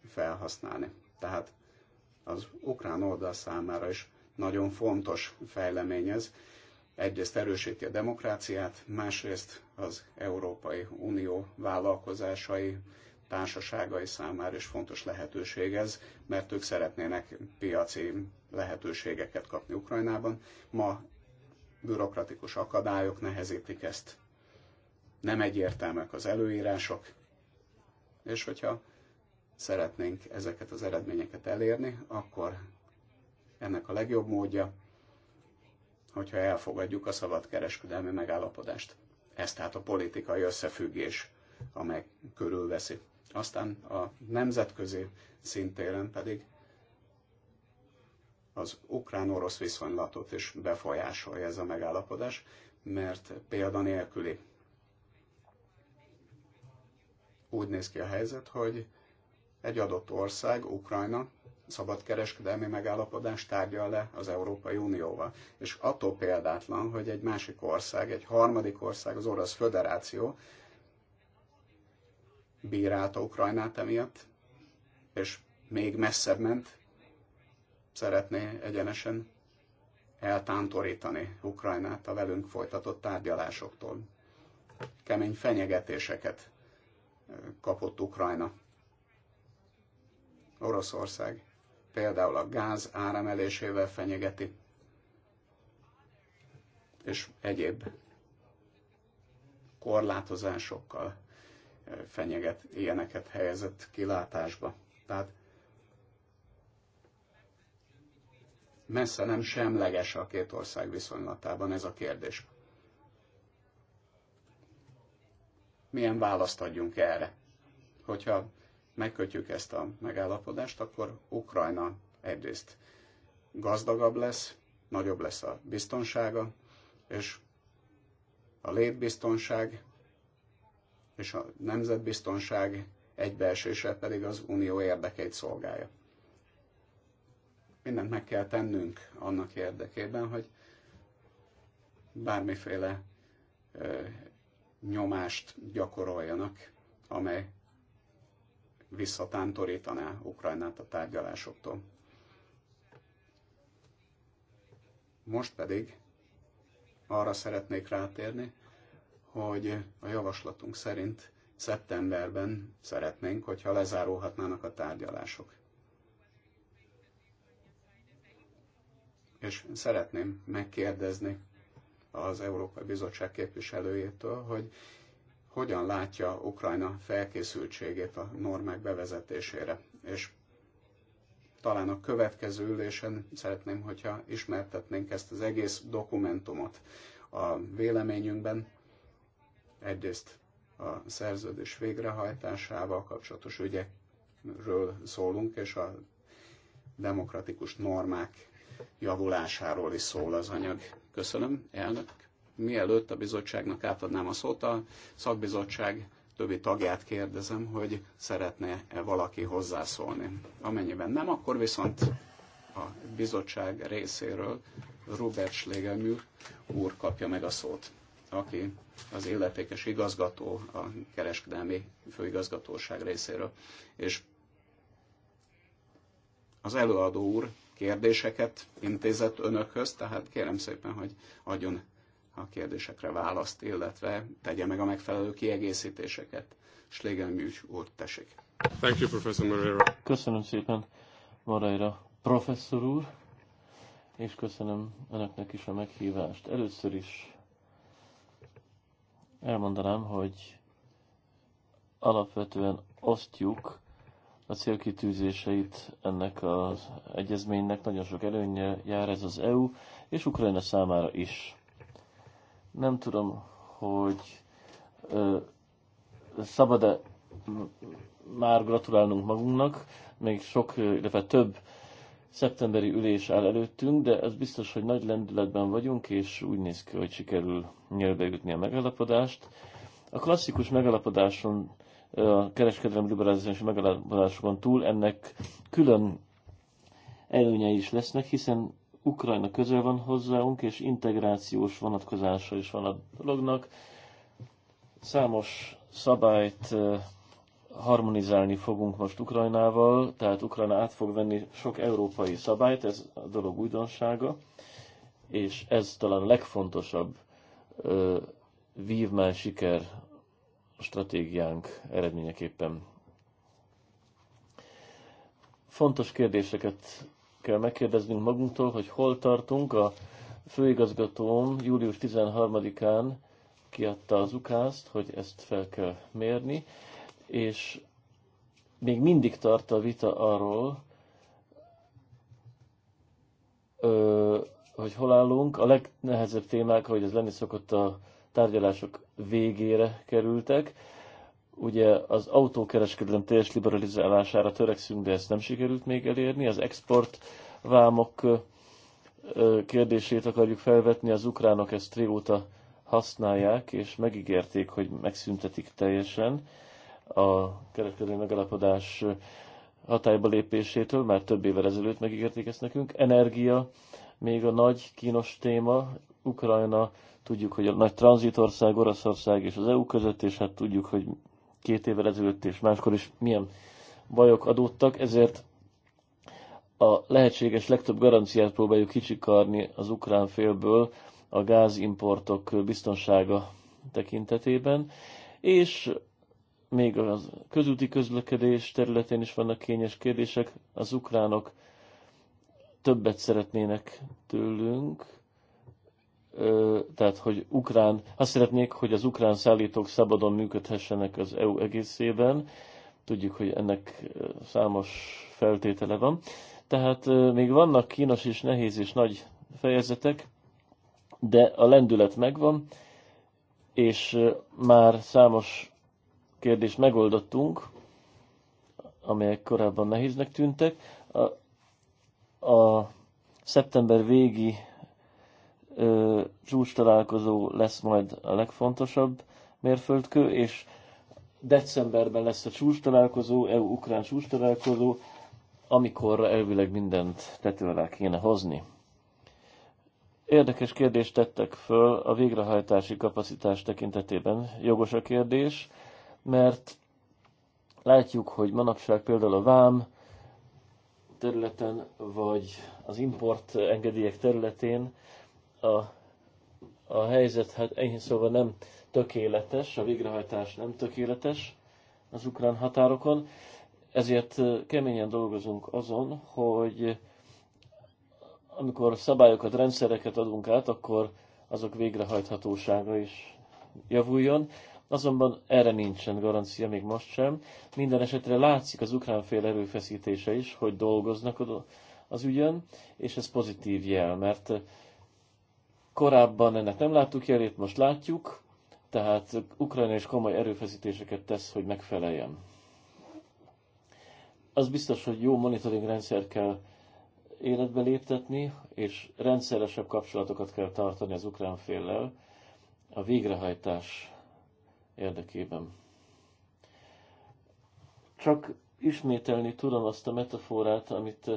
Speaker 3: felhasználni. Tehát az ukrán oldal számára is nagyon fontos fejlemény ez. Egyrészt erősíti a demokráciát, másrészt az Európai Unió vállalkozásai társaságai számára is fontos lehetőség ez, mert ők szeretnének piaci lehetőségeket kapni Ukrajnában. Ma bürokratikus akadályok nehezítik ezt, nem egyértelműek az előírások, és hogyha szeretnénk ezeket az eredményeket elérni, akkor ennek a legjobb módja, hogyha elfogadjuk a szabadkereskedelmi megállapodást. Ez tehát a politikai összefüggés, amely körülveszi aztán a nemzetközi szintéren pedig az ukrán-orosz viszonylatot is befolyásolja ez a megállapodás, mert nélküli. Úgy néz ki a helyzet, hogy egy adott ország, Ukrajna, szabadkereskedelmi megállapodást tárgyal le az Európai Unióval. És attól példátlan, hogy egy másik ország, egy harmadik ország, az Orosz Föderáció bírálta Ukrajnát emiatt, és még messzebb ment, szeretné egyenesen eltántorítani Ukrajnát a velünk folytatott tárgyalásoktól. Kemény fenyegetéseket kapott Ukrajna. Oroszország például a gáz áremelésével fenyegeti, és egyéb korlátozásokkal fenyeget, ilyeneket helyezett kilátásba. Tehát messze nem semleges a két ország viszonylatában ez a kérdés. Milyen választ adjunk erre? Hogyha megkötjük ezt a megállapodást, akkor Ukrajna egyrészt gazdagabb lesz, nagyobb lesz a biztonsága, és a létbiztonság és a nemzetbiztonság egybeesése pedig az unió érdekeit szolgálja. Mindent meg kell tennünk annak érdekében, hogy bármiféle ö, nyomást gyakoroljanak, amely visszatántorítaná Ukrajnát a tárgyalásoktól. Most pedig arra szeretnék rátérni, hogy a javaslatunk szerint szeptemberben szeretnénk, hogyha lezárulhatnának a tárgyalások. És szeretném megkérdezni az Európai Bizottság képviselőjétől, hogy hogyan látja Ukrajna felkészültségét a normák bevezetésére. És talán a következő ülésen szeretném, hogyha ismertetnénk ezt az egész dokumentumot a véleményünkben, Egyrészt a szerződés végrehajtásával kapcsolatos ügyekről szólunk, és a demokratikus normák javulásáról is szól az anyag. Köszönöm, elnök. Mielőtt a bizottságnak átadnám a szót, a szakbizottság többi tagját kérdezem, hogy szeretne-e valaki hozzászólni. Amennyiben nem, akkor viszont a bizottság részéről Robert Schlegelmű úr kapja meg a szót aki az illetékes igazgató a kereskedelmi főigazgatóság részéről. És az előadó úr kérdéseket intézett önökhöz, tehát kérem szépen, hogy adjon a kérdésekre választ, illetve tegye meg a megfelelő kiegészítéseket. Műs úr, tessék.
Speaker 4: Thank you, Professor Moreira. Köszönöm szépen, Moreira professzor úr, és köszönöm önöknek is a meghívást. Először is elmondanám, hogy alapvetően osztjuk a célkitűzéseit ennek az egyezménynek. Nagyon sok előnye jár ez az EU és Ukrajna számára is. Nem tudom, hogy szabad-e már gratulálnunk magunknak, még sok, illetve több szeptemberi ülés áll előttünk, de az biztos, hogy nagy lendületben vagyunk, és úgy néz ki, hogy sikerül nyerbe jutni a megalapodást. A klasszikus megalapodáson, a kereskedelmi liberalizációs megalapodásokon túl ennek külön előnyei is lesznek, hiszen Ukrajna közel van hozzáunk, és integrációs vonatkozása is van a dolognak. Számos szabályt harmonizálni fogunk most Ukrajnával, tehát Ukrajna át fog venni sok európai szabályt, ez a dolog újdonsága, és ez talán a legfontosabb ö, vívmány siker stratégiánk eredményeképpen. Fontos kérdéseket kell megkérdeznünk magunktól, hogy hol tartunk. A főigazgatóm július 13-án kiadta az ukázt, hogy ezt fel kell mérni és még mindig tart a vita arról, hogy hol állunk. A legnehezebb témák, hogy ez lenni szokott a tárgyalások végére kerültek. Ugye az autókereskedelem teljes liberalizálására törekszünk, de ezt nem sikerült még elérni. Az export vámok kérdését akarjuk felvetni, az ukránok ezt régóta használják, és megígérték, hogy megszüntetik teljesen a kereskedelmi megalapodás hatályba lépésétől, már több évvel ezelőtt megígérték ezt nekünk. Energia, még a nagy kínos téma, Ukrajna, tudjuk, hogy a nagy tranzitország, Oroszország és az EU között, és hát tudjuk, hogy két évvel ezelőtt és máskor is milyen bajok adódtak, ezért a lehetséges legtöbb garanciát próbáljuk kicsikarni az ukrán félből a gázimportok biztonsága tekintetében, és még a közúti közlekedés területén is vannak kényes kérdések. Az ukránok többet szeretnének tőlünk, tehát hogy ukrán, azt szeretnék, hogy az ukrán szállítók szabadon működhessenek az EU egészében. Tudjuk, hogy ennek számos feltétele van. Tehát még vannak kínos és nehéz és nagy fejezetek, de a lendület megvan, és már számos kérdést megoldottunk, amelyek korábban nehéznek tűntek. A, a szeptember végi ö, csúcs találkozó lesz majd a legfontosabb mérföldkő, és decemberben lesz a csúcs találkozó, EU-Ukrán csúcs találkozó, amikor elvileg mindent tető alá kéne hozni. Érdekes kérdést tettek föl a végrehajtási kapacitás tekintetében. Jogos a kérdés mert látjuk, hogy manapság például a vám területen, vagy az import engedélyek területén a, a helyzet, hát enyhén szóval nem tökéletes, a végrehajtás nem tökéletes az ukrán határokon, ezért keményen dolgozunk azon, hogy amikor szabályokat, rendszereket adunk át, akkor azok végrehajthatósága is javuljon. Azonban erre nincsen garancia még most sem. Minden esetre látszik az ukrán fél erőfeszítése is, hogy dolgoznak az ügyön, és ez pozitív jel, mert korábban ennek nem láttuk jelét, most látjuk, tehát Ukrajna is komoly erőfeszítéseket tesz, hogy megfeleljen. Az biztos, hogy jó monitoring rendszer kell életbe léptetni, és rendszeresebb kapcsolatokat kell tartani az ukrán féllel a végrehajtás érdekében. Csak ismételni tudom azt a metaforát, amit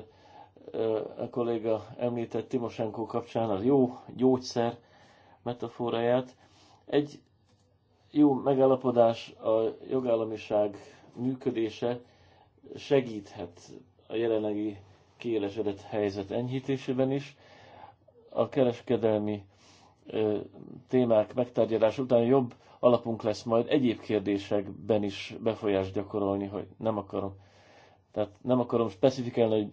Speaker 4: a kolléga említett Timosenko kapcsán, az jó gyógyszer metaforáját. Egy jó megállapodás a jogállamiság működése segíthet a jelenlegi kiélesedett helyzet enyhítésében is. A kereskedelmi témák megtárgyalás után jobb alapunk lesz majd egyéb kérdésekben is befolyást gyakorolni, hogy nem akarom. Tehát nem akarom specifikálni, hogy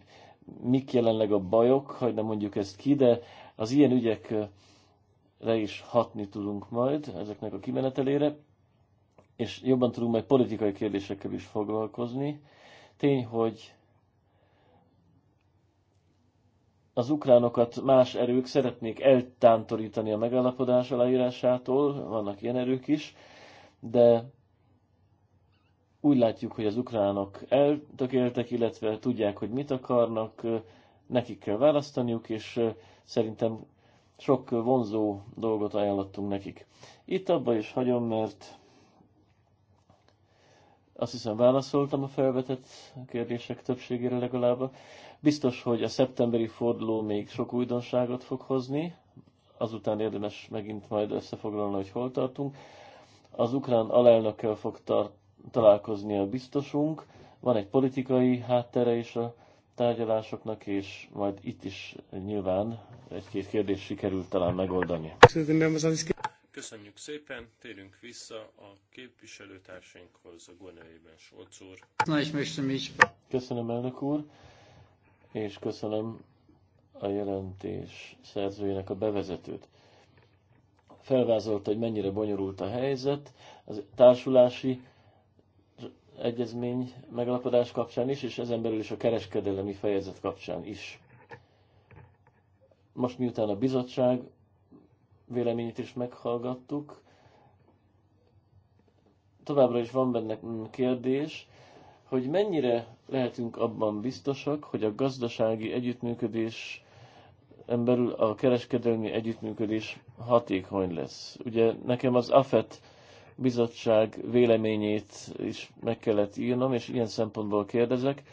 Speaker 4: mik jelenleg a bajok, hogy nem mondjuk ezt ki, de az ilyen ügyekre is hatni tudunk majd ezeknek a kimenetelére, és jobban tudunk majd politikai kérdésekkel is foglalkozni. Tény, hogy az ukránokat más erők szeretnék eltántorítani a megállapodás aláírásától, vannak ilyen erők is, de úgy látjuk, hogy az ukránok eltökéltek, illetve tudják, hogy mit akarnak, nekik kell választaniuk, és szerintem sok vonzó dolgot ajánlottunk nekik. Itt abba is hagyom, mert azt hiszem válaszoltam a felvetett kérdések többségére legalább. Biztos, hogy a szeptemberi forduló még sok újdonságot fog hozni, azután érdemes megint majd összefoglalni, hogy hol tartunk. Az ukrán alelnökkel fog találkozni a biztosunk, van egy politikai háttere is a tárgyalásoknak, és majd itt is nyilván egy-két kérdést sikerült talán megoldani.
Speaker 1: Köszönjük
Speaker 2: szépen, térünk vissza a képviselőtársainkhoz, a Gonelében Solc úr.
Speaker 4: Köszönöm elnök úr, és köszönöm a jelentés szerzőjének a bevezetőt. Felvázolta, hogy mennyire bonyolult a helyzet, az társulási egyezmény megalapodás kapcsán is, és ezen belül is a kereskedelemi fejezet kapcsán is. Most miután a bizottság véleményét is meghallgattuk. Továbbra is van benne kérdés, hogy mennyire lehetünk abban biztosak, hogy a gazdasági együttműködés belül a kereskedelmi együttműködés hatékony lesz. Ugye nekem az AFET bizottság véleményét is meg kellett írnom, és ilyen szempontból kérdezek.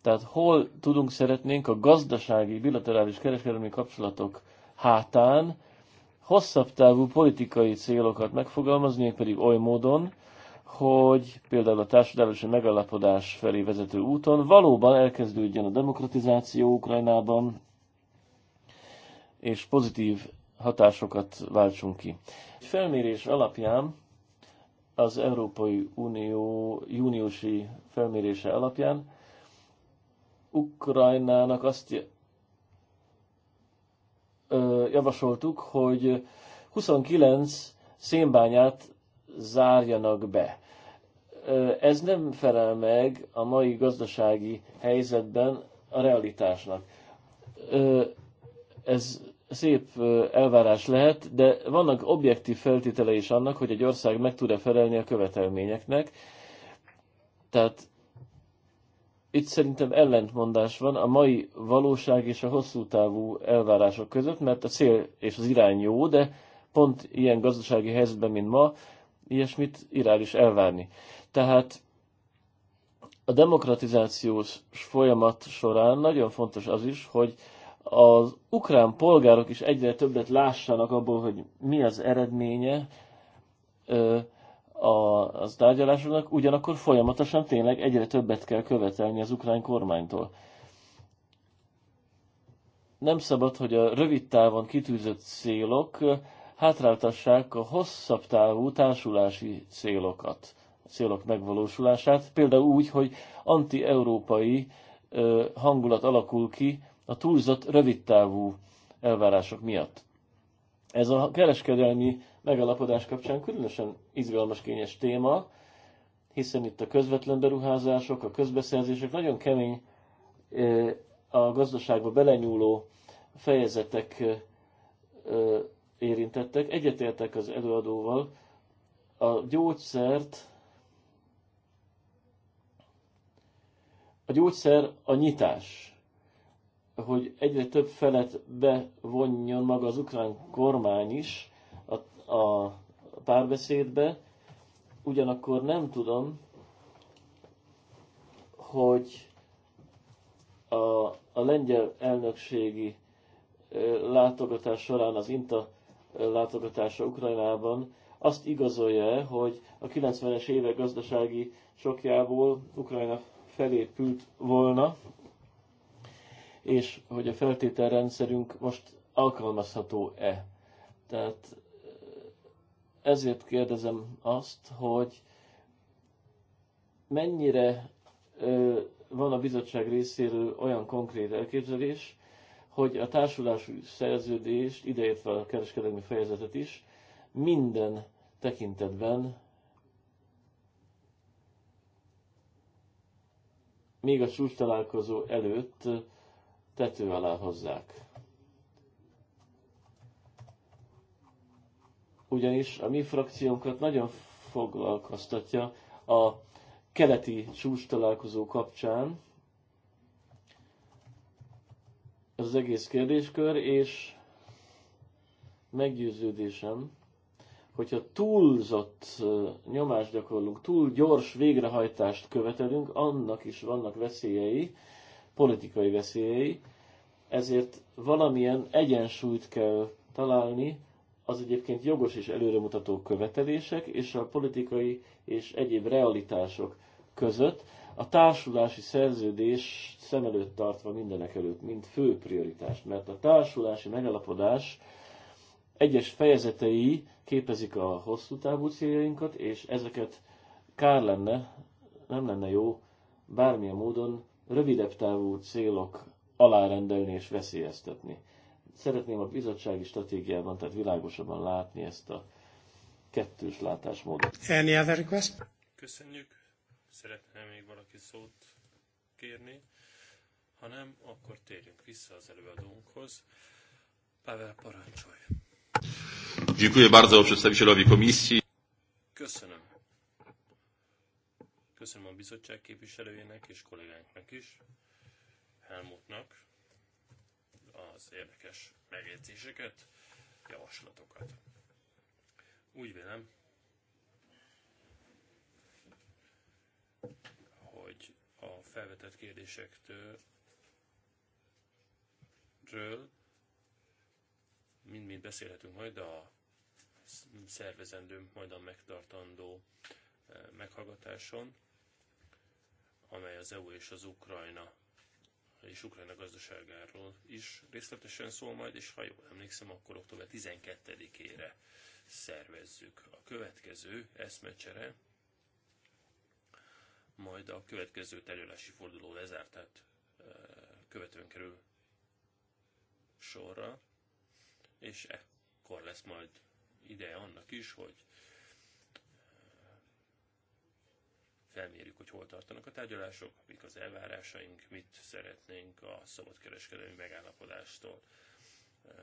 Speaker 4: Tehát hol tudunk szeretnénk a gazdasági, bilaterális kereskedelmi kapcsolatok hátán hosszabb távú politikai célokat megfogalmazni, pedig oly módon, hogy például a társadalmi megalapodás felé vezető úton valóban elkezdődjön a demokratizáció Ukrajnában, és pozitív hatásokat váltsunk ki. Egy felmérés alapján, az Európai Unió júniusi felmérése alapján Ukrajnának azt javasoltuk, hogy 29 szénbányát zárjanak be. Ez nem felel meg a mai gazdasági helyzetben a realitásnak. Ez szép elvárás lehet, de vannak objektív feltételei is annak, hogy egy ország meg tud-e felelni a követelményeknek. Tehát itt szerintem ellentmondás van a mai valóság és a hosszú távú elvárások között, mert a cél és az irány jó, de pont ilyen gazdasági helyzetben, mint ma, ilyesmit irális elvárni. Tehát a demokratizációs folyamat során nagyon fontos az is, hogy az ukrán polgárok is egyre többet lássanak abból, hogy mi az eredménye, a, az tárgyalásoknak, ugyanakkor folyamatosan tényleg egyre többet kell követelni az ukrán kormánytól. Nem szabad, hogy a rövid távon kitűzött célok hátráltassák a hosszabb távú társulási célokat, a célok megvalósulását, például úgy, hogy anti-európai hangulat alakul ki a túlzott rövidtávú elvárások miatt. Ez a kereskedelmi megalapodás kapcsán különösen izgalmas, kényes téma, hiszen itt a közvetlen beruházások, a közbeszerzések nagyon kemény a gazdaságba belenyúló fejezetek érintettek. Egyetértek az előadóval, a gyógyszert, a gyógyszer a nyitás hogy egyre több felet bevonjon maga az ukrán kormány is a, a párbeszédbe, ugyanakkor nem tudom, hogy a, a lengyel elnökségi látogatás során, az INTA látogatása Ukrajnában azt igazolja, hogy a 90-es évek gazdasági sokjából Ukrajna felépült volna, és hogy a feltételrendszerünk most alkalmazható-e. Tehát eh, ezért kérdezem azt, hogy mennyire eh, van a bizottság részéről olyan konkrét elképzelés, hogy a társulási szerződést, ideértve a kereskedelmi fejezetet is, minden tekintetben, még a csúcs találkozó előtt tető alá hozzák. Ugyanis a mi frakciónkat nagyon foglalkoztatja a keleti csúcs találkozó kapcsán az egész kérdéskör, és meggyőződésem, hogyha túlzott nyomást gyakorlunk, túl gyors végrehajtást követelünk, annak is vannak veszélyei, politikai veszélyei, ezért valamilyen egyensúlyt kell találni az egyébként jogos és előremutató követelések és a politikai és egyéb realitások között, a társulási szerződés szem előtt tartva mindenek előtt, mint fő prioritás, mert a társulási megalapodás egyes fejezetei képezik a hosszú távú céljainkat, és ezeket kár lenne, nem lenne jó bármilyen módon rövidebb távú célok alárendelni és veszélyeztetni. Szeretném a bizottsági stratégiában, tehát világosabban látni ezt a kettős
Speaker 1: látásmódot. Any other request?
Speaker 2: Köszönjük. Szeretném, még valaki szót kérni? Ha nem, akkor térjünk vissza az előadónkhoz. Pavel, parancsolj!
Speaker 4: Dziękuję bardzo przedstawicielowi komisji.
Speaker 2: Köszönöm Köszönöm a bizottság képviselőjének és kollégánknak is, Helmutnak az érdekes megjegyzéseket, javaslatokat. Úgy vélem, hogy a felvetett kérdésektől ről mind-mind beszélhetünk majd a szervezendő, majd a megtartandó eh, meghallgatáson amely az EU és az Ukrajna és Ukrajna gazdaságáról is részletesen szól majd, és ha jól emlékszem, akkor október 12-ére szervezzük. A következő eszmecsere majd a következő terülési forduló lezártát követően kerül sorra, és ekkor lesz majd ideje annak is, hogy felmérjük, hogy hol tartanak a tárgyalások, mik az elvárásaink, mit szeretnénk a szabadkereskedelmi megállapodástól eh,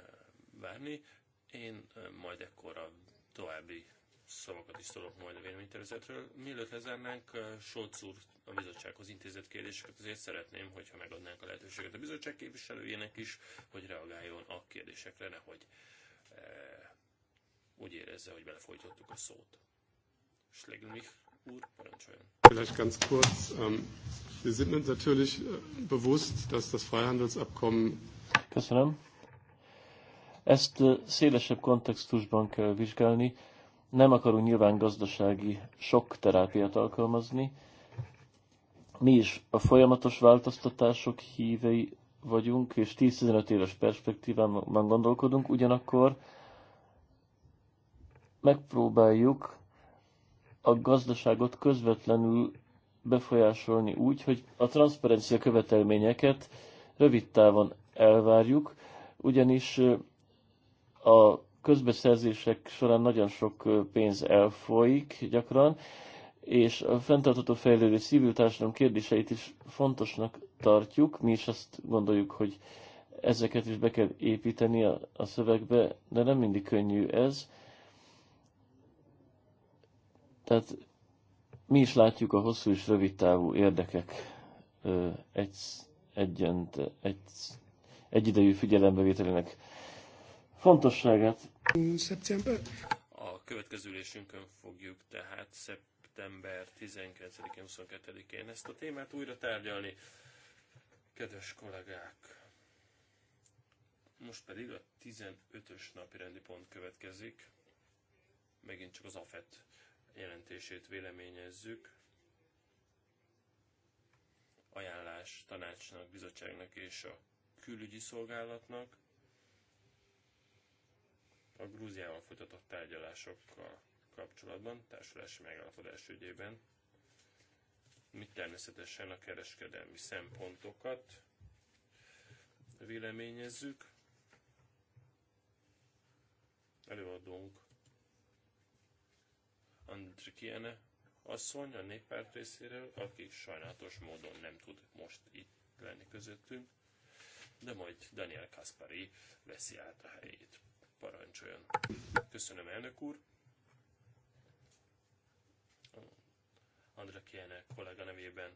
Speaker 2: várni. Én eh, majd ekkor a további szavakat is szólok majd a véleménytervezetről. Mielőtt lezárnánk, eh, Solc úr a bizottsághoz intézett kérdéseket, azért szeretném, hogyha megadnánk a lehetőséget a bizottság képviselőjének is, hogy reagáljon a kérdésekre, nehogy e, úgy érezze, hogy belefolytottuk a szót. Schlegelmich úr, parancsoljon.
Speaker 1: Vielleicht ganz kurz. Ähm, wir sind uns natürlich äh, bewusst, dass das Freihandelsabkommen. Köszönöm.
Speaker 4: Ezt äh, szélesebb kontextusban kell vizsgálni. Nem akarunk nyilván gazdasági sok terápiát alkalmazni. Mi is a folyamatos változtatások hívei vagyunk, és 10-15 éves perspektívában gondolkodunk, ugyanakkor megpróbáljuk a gazdaságot közvetlenül befolyásolni úgy, hogy a transzparencia követelményeket rövid távon elvárjuk, ugyanis a közbeszerzések során nagyon sok pénz elfolyik gyakran, és a fenntartható fejlődő civil társadalom kérdéseit is fontosnak tartjuk. Mi is azt gondoljuk, hogy ezeket is be kell építeni a, a szövegbe, de nem mindig könnyű ez. Tehát mi is látjuk a hosszú és rövid távú érdekek egy, egyent, egy, egyidejű figyelembevételének fontosságát. Szeptember.
Speaker 2: A következő ülésünkön fogjuk tehát szeptember 19 22-én ezt a témát újra tárgyalni. Kedves kollégák! Most pedig a 15-ös napi rendi pont következik. Megint csak az AFET jelentését véleményezzük. Ajánlás tanácsnak, bizottságnak és a külügyi szolgálatnak a Grúziával folytatott tárgyalásokkal kapcsolatban, társulási megállapodás ügyében, mit természetesen a kereskedelmi szempontokat véleményezzük. Előadunk Andrikiene asszony a néppárt részéről, aki sajnálatos módon nem tud most itt lenni közöttünk, de majd Daniel Kaspari veszi át a helyét. Parancsoljon. Köszönöm, elnök úr. Andra Kiene kollega nevében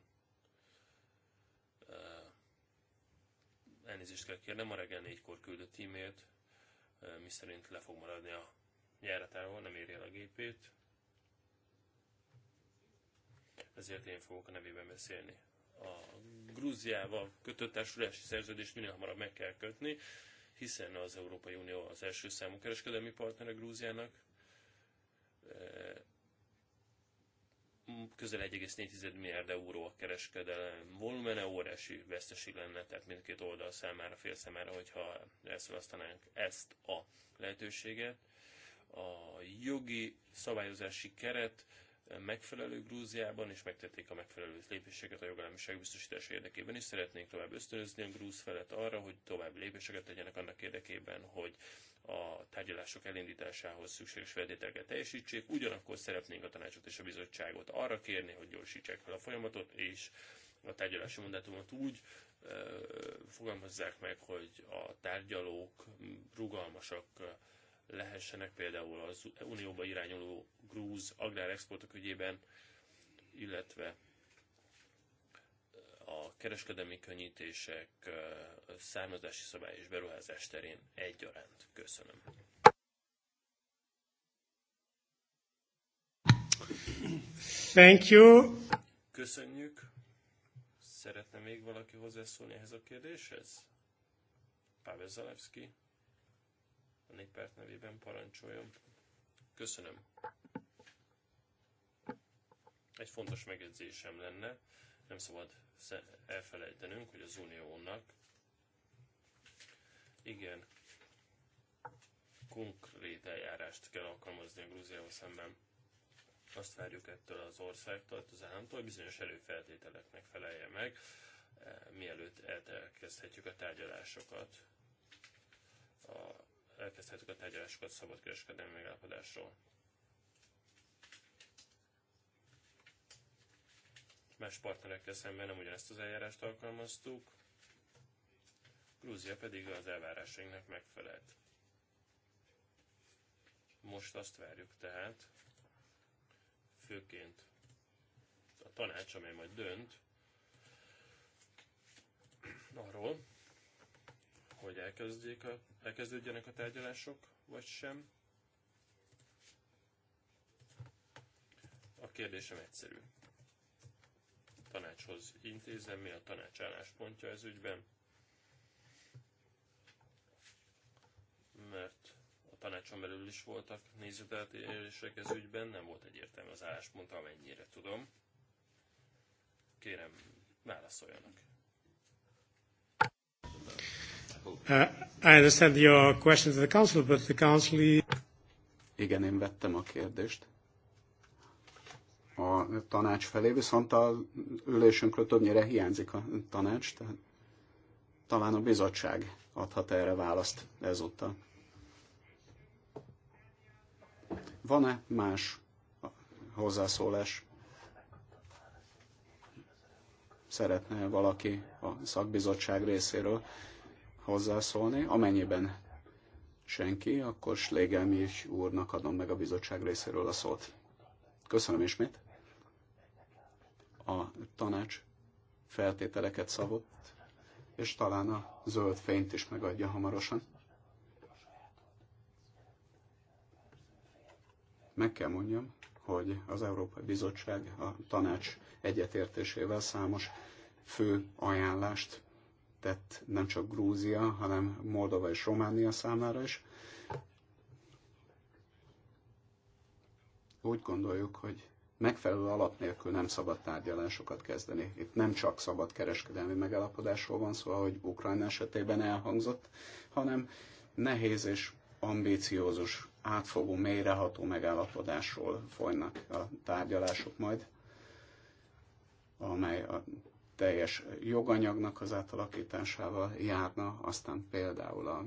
Speaker 2: uh, elnézést kell kérnem, a reggel négykor küldött e-mailt, uh, miszerint le fog maradni a járatával, nem érje el a gépét, ezért én fogok a nevében beszélni. A Grúziával kötött társulási szerződést minél hamarabb meg kell kötni, hiszen az Európai Unió az első számú kereskedelmi partner a Grúziának, e, közel 1,4 milliárd euró a kereskedelem volumene, óriási veszteség lenne, tehát mindkét oldal számára, fél számára, hogyha elszalasztanánk ezt a lehetőséget. A jogi szabályozási keret megfelelő Grúziában, és megtették a megfelelő lépéseket a jogállamiság biztosítása érdekében, és szeretnénk tovább ösztönözni a grúz felet arra, hogy további lépéseket tegyenek annak érdekében, hogy a tárgyalások elindításához szükséges feltételeket teljesítsék, ugyanakkor szeretnénk a tanácsot és a bizottságot arra kérni, hogy gyorsítsák fel a folyamatot, és a tárgyalási mandátumot úgy fogalmazzák meg, hogy a tárgyalók rugalmasak lehessenek például az unióba irányuló grúz agrárexportok ügyében, illetve a kereskedelmi könnyítések, származási szabály és beruházás terén egyaránt. Köszönöm.
Speaker 1: Thank you.
Speaker 2: Köszönjük. Szeretne még valaki hozzászólni ehhez a kérdéshez? Pavel Zalewski a néppárt nevében parancsoljon. Köszönöm. Egy fontos megjegyzésem lenne, nem szabad elfelejtenünk, hogy az Uniónak igen konkrét eljárást kell alkalmazni a Grúziával szemben. Azt várjuk ettől az országtól, az államtól, hogy bizonyos előfeltételeknek felelje meg, eh, mielőtt elkezdhetjük a tárgyalásokat a elkezdhetjük a tárgyalásokat kereskedelmi megállapodásról. Más partnerekkel szemben nem ugyanezt az eljárást alkalmaztuk, Grúzia pedig az elvárásainknak megfelelt. Most azt várjuk tehát, főként a tanács, amely majd dönt, arról, hogy elkezdjék a, elkezdődjenek a tárgyalások, vagy sem. A kérdésem egyszerű. A tanácshoz intézem, mi a tanács álláspontja ez ügyben, mert a tanácson belül is voltak nézeteltérések ez ügyben, nem volt egyértelmű az álláspont, amennyire tudom. Kérem, válaszoljanak.
Speaker 1: Uh, I understand your question to the council, but the council
Speaker 3: Igen, én vettem a kérdést. A tanács felé, viszont a ülésünkről többnyire hiányzik a tanács, tehát talán a bizottság adhat erre választ ezúttal. Van-e más hozzászólás? Szeretne valaki a szakbizottság részéről hozzászólni. Amennyiben senki, akkor Slégelmich úrnak adom meg a bizottság részéről a szót. Köszönöm ismét. A tanács feltételeket szavott, és talán a zöld fényt is megadja hamarosan. Meg kell mondjam, hogy az Európai Bizottság a tanács egyetértésével számos fő ajánlást tett nem csak Grúzia, hanem Moldova és Románia számára is. Úgy gondoljuk, hogy megfelelő alap nélkül nem szabad tárgyalásokat kezdeni. Itt nem csak szabad kereskedelmi megállapodásról van szó, ahogy Ukrajna esetében elhangzott, hanem nehéz és ambíciózus, átfogó, mélyreható megállapodásról folynak a tárgyalások majd, amely a teljes joganyagnak az átalakításával járna, aztán például a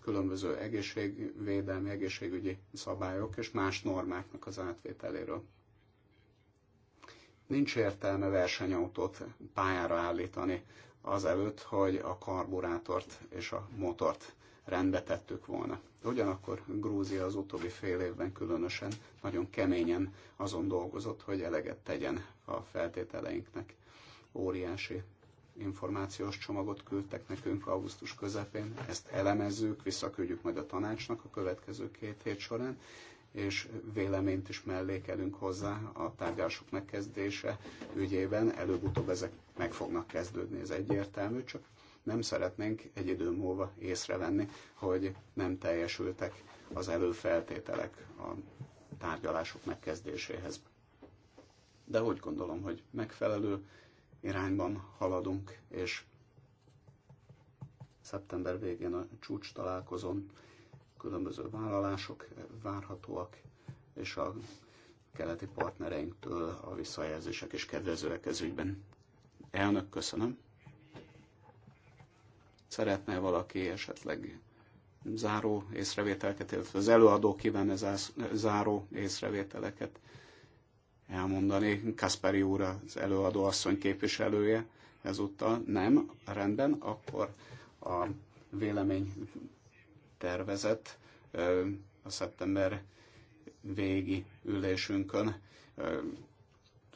Speaker 3: különböző egészségvédelmi, egészségügyi szabályok és más normáknak az átvételéről. Nincs értelme versenyautót pályára állítani azelőtt, hogy a karburátort és a motort rendbe tettük volna. Ugyanakkor Grúzia az utóbbi fél évben különösen nagyon keményen azon dolgozott, hogy eleget tegyen a feltételeinknek óriási információs csomagot küldtek nekünk augusztus közepén, ezt elemezzük, visszaküldjük majd a tanácsnak a következő két hét során, és véleményt is mellékelünk hozzá a tárgyalások megkezdése ügyében, előbb-utóbb ezek meg fognak kezdődni, ez egyértelmű, csak nem szeretnénk egy idő múlva észrevenni, hogy nem teljesültek az előfeltételek a tárgyalások megkezdéséhez. De úgy gondolom, hogy megfelelő irányban haladunk, és szeptember végén a csúcs találkozón különböző vállalások várhatóak, és a keleti partnereinktől a visszajelzések is kedvezőek ez ügyben. Elnök, köszönöm. Szeretne valaki esetleg záró észrevételeket, illetve az előadó kívánne záró észrevételeket elmondani. Kaspari úr az előadó asszony képviselője ezúttal. Nem, rendben, akkor a vélemény tervezett a szeptember végi ülésünkön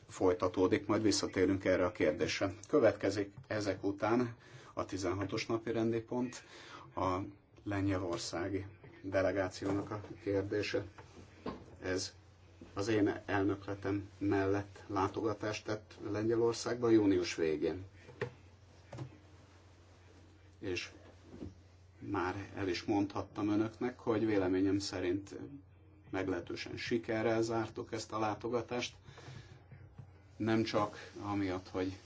Speaker 3: folytatódik, majd visszatérünk erre a kérdésre. Következik ezek után a 16-os napi rendi pont, a lengyelországi delegációnak a kérdése. Ez az én elnökletem mellett látogatást tett Lengyelországban június végén. És már el is mondhattam önöknek, hogy véleményem szerint meglehetősen sikerrel zártuk ezt a látogatást. Nem csak amiatt, hogy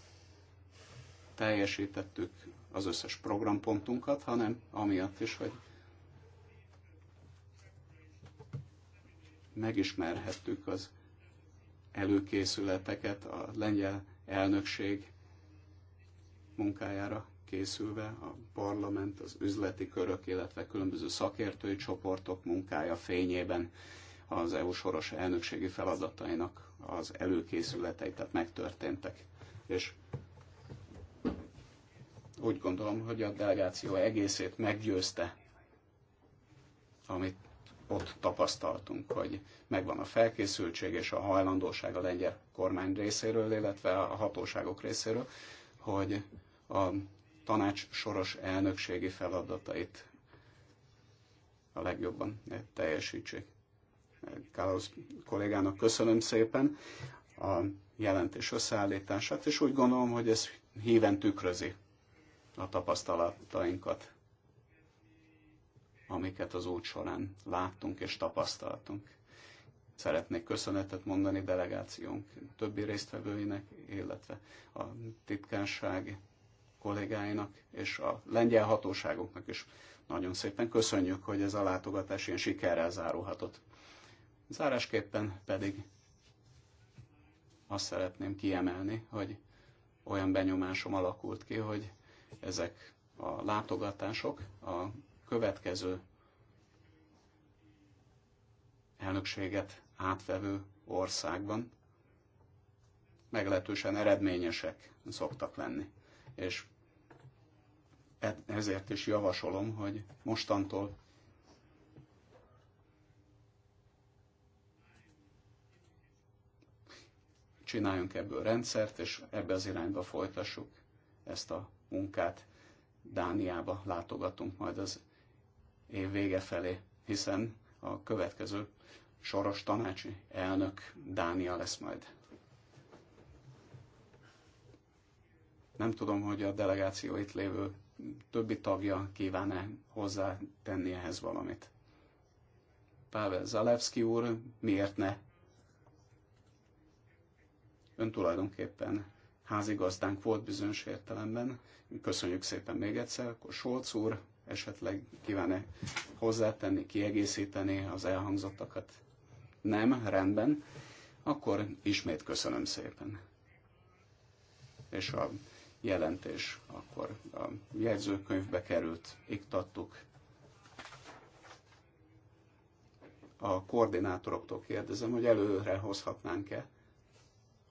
Speaker 3: teljesítettük az összes programpontunkat, hanem amiatt is, hogy megismerhettük az előkészületeket a lengyel elnökség munkájára készülve, a parlament, az üzleti körök, illetve különböző szakértői csoportok munkája fényében az EU soros elnökségi feladatainak az előkészületei, tehát megtörténtek. És úgy gondolom, hogy a delegáció egészét meggyőzte, amit ott tapasztaltunk, hogy megvan a felkészültség és a hajlandóság a lengyel kormány részéről, illetve a hatóságok részéről, hogy a tanács soros elnökségi feladatait a legjobban teljesítsék. Kálasz kollégának köszönöm szépen a jelentés összeállítását, és úgy gondolom, hogy ez híven tükrözi a tapasztalatainkat amiket az út során láttunk és tapasztaltunk. Szeretnék köszönetet mondani delegációnk többi résztvevőinek, illetve a titkárság kollégáinak és a lengyel hatóságoknak is nagyon szépen köszönjük, hogy ez a látogatás ilyen sikerrel zárulhatott. Zárásképpen pedig azt szeretném kiemelni, hogy olyan benyomásom alakult ki, hogy ezek a látogatások a következő elnökséget átvevő országban meglehetősen eredményesek szoktak lenni. És e- ezért is javasolom, hogy mostantól csináljunk ebből rendszert, és ebbe az irányba folytassuk ezt a munkát. Dániába látogatunk majd az év vége felé, hiszen a következő soros tanácsi elnök Dánia lesz majd. Nem tudom, hogy a delegáció itt lévő többi tagja kíván-e hozzátenni ehhez valamit. Pavel Zalewski úr, miért ne? Ön tulajdonképpen házigazdánk volt bizonyos értelemben. Köszönjük szépen még egyszer, akkor Solc úr, esetleg kíván-e hozzátenni, kiegészíteni az elhangzottakat? Nem, rendben. Akkor ismét köszönöm szépen. És a jelentés akkor a jegyzőkönyvbe került, iktattuk. A koordinátoroktól kérdezem, hogy előre hozhatnánk-e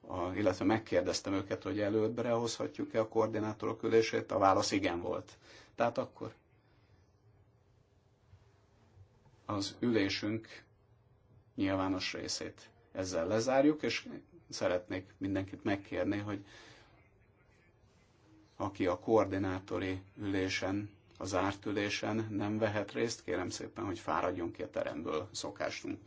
Speaker 3: a, illetve megkérdeztem őket, hogy előbbre hozhatjuk-e a koordinátorok ülését, a válasz igen volt. Tehát akkor az ülésünk nyilvános részét ezzel lezárjuk, és szeretnék mindenkit megkérni, hogy aki a koordinátori ülésen, az árt ülésen nem vehet részt, kérem szépen, hogy fáradjon ki a teremből szokástunknak.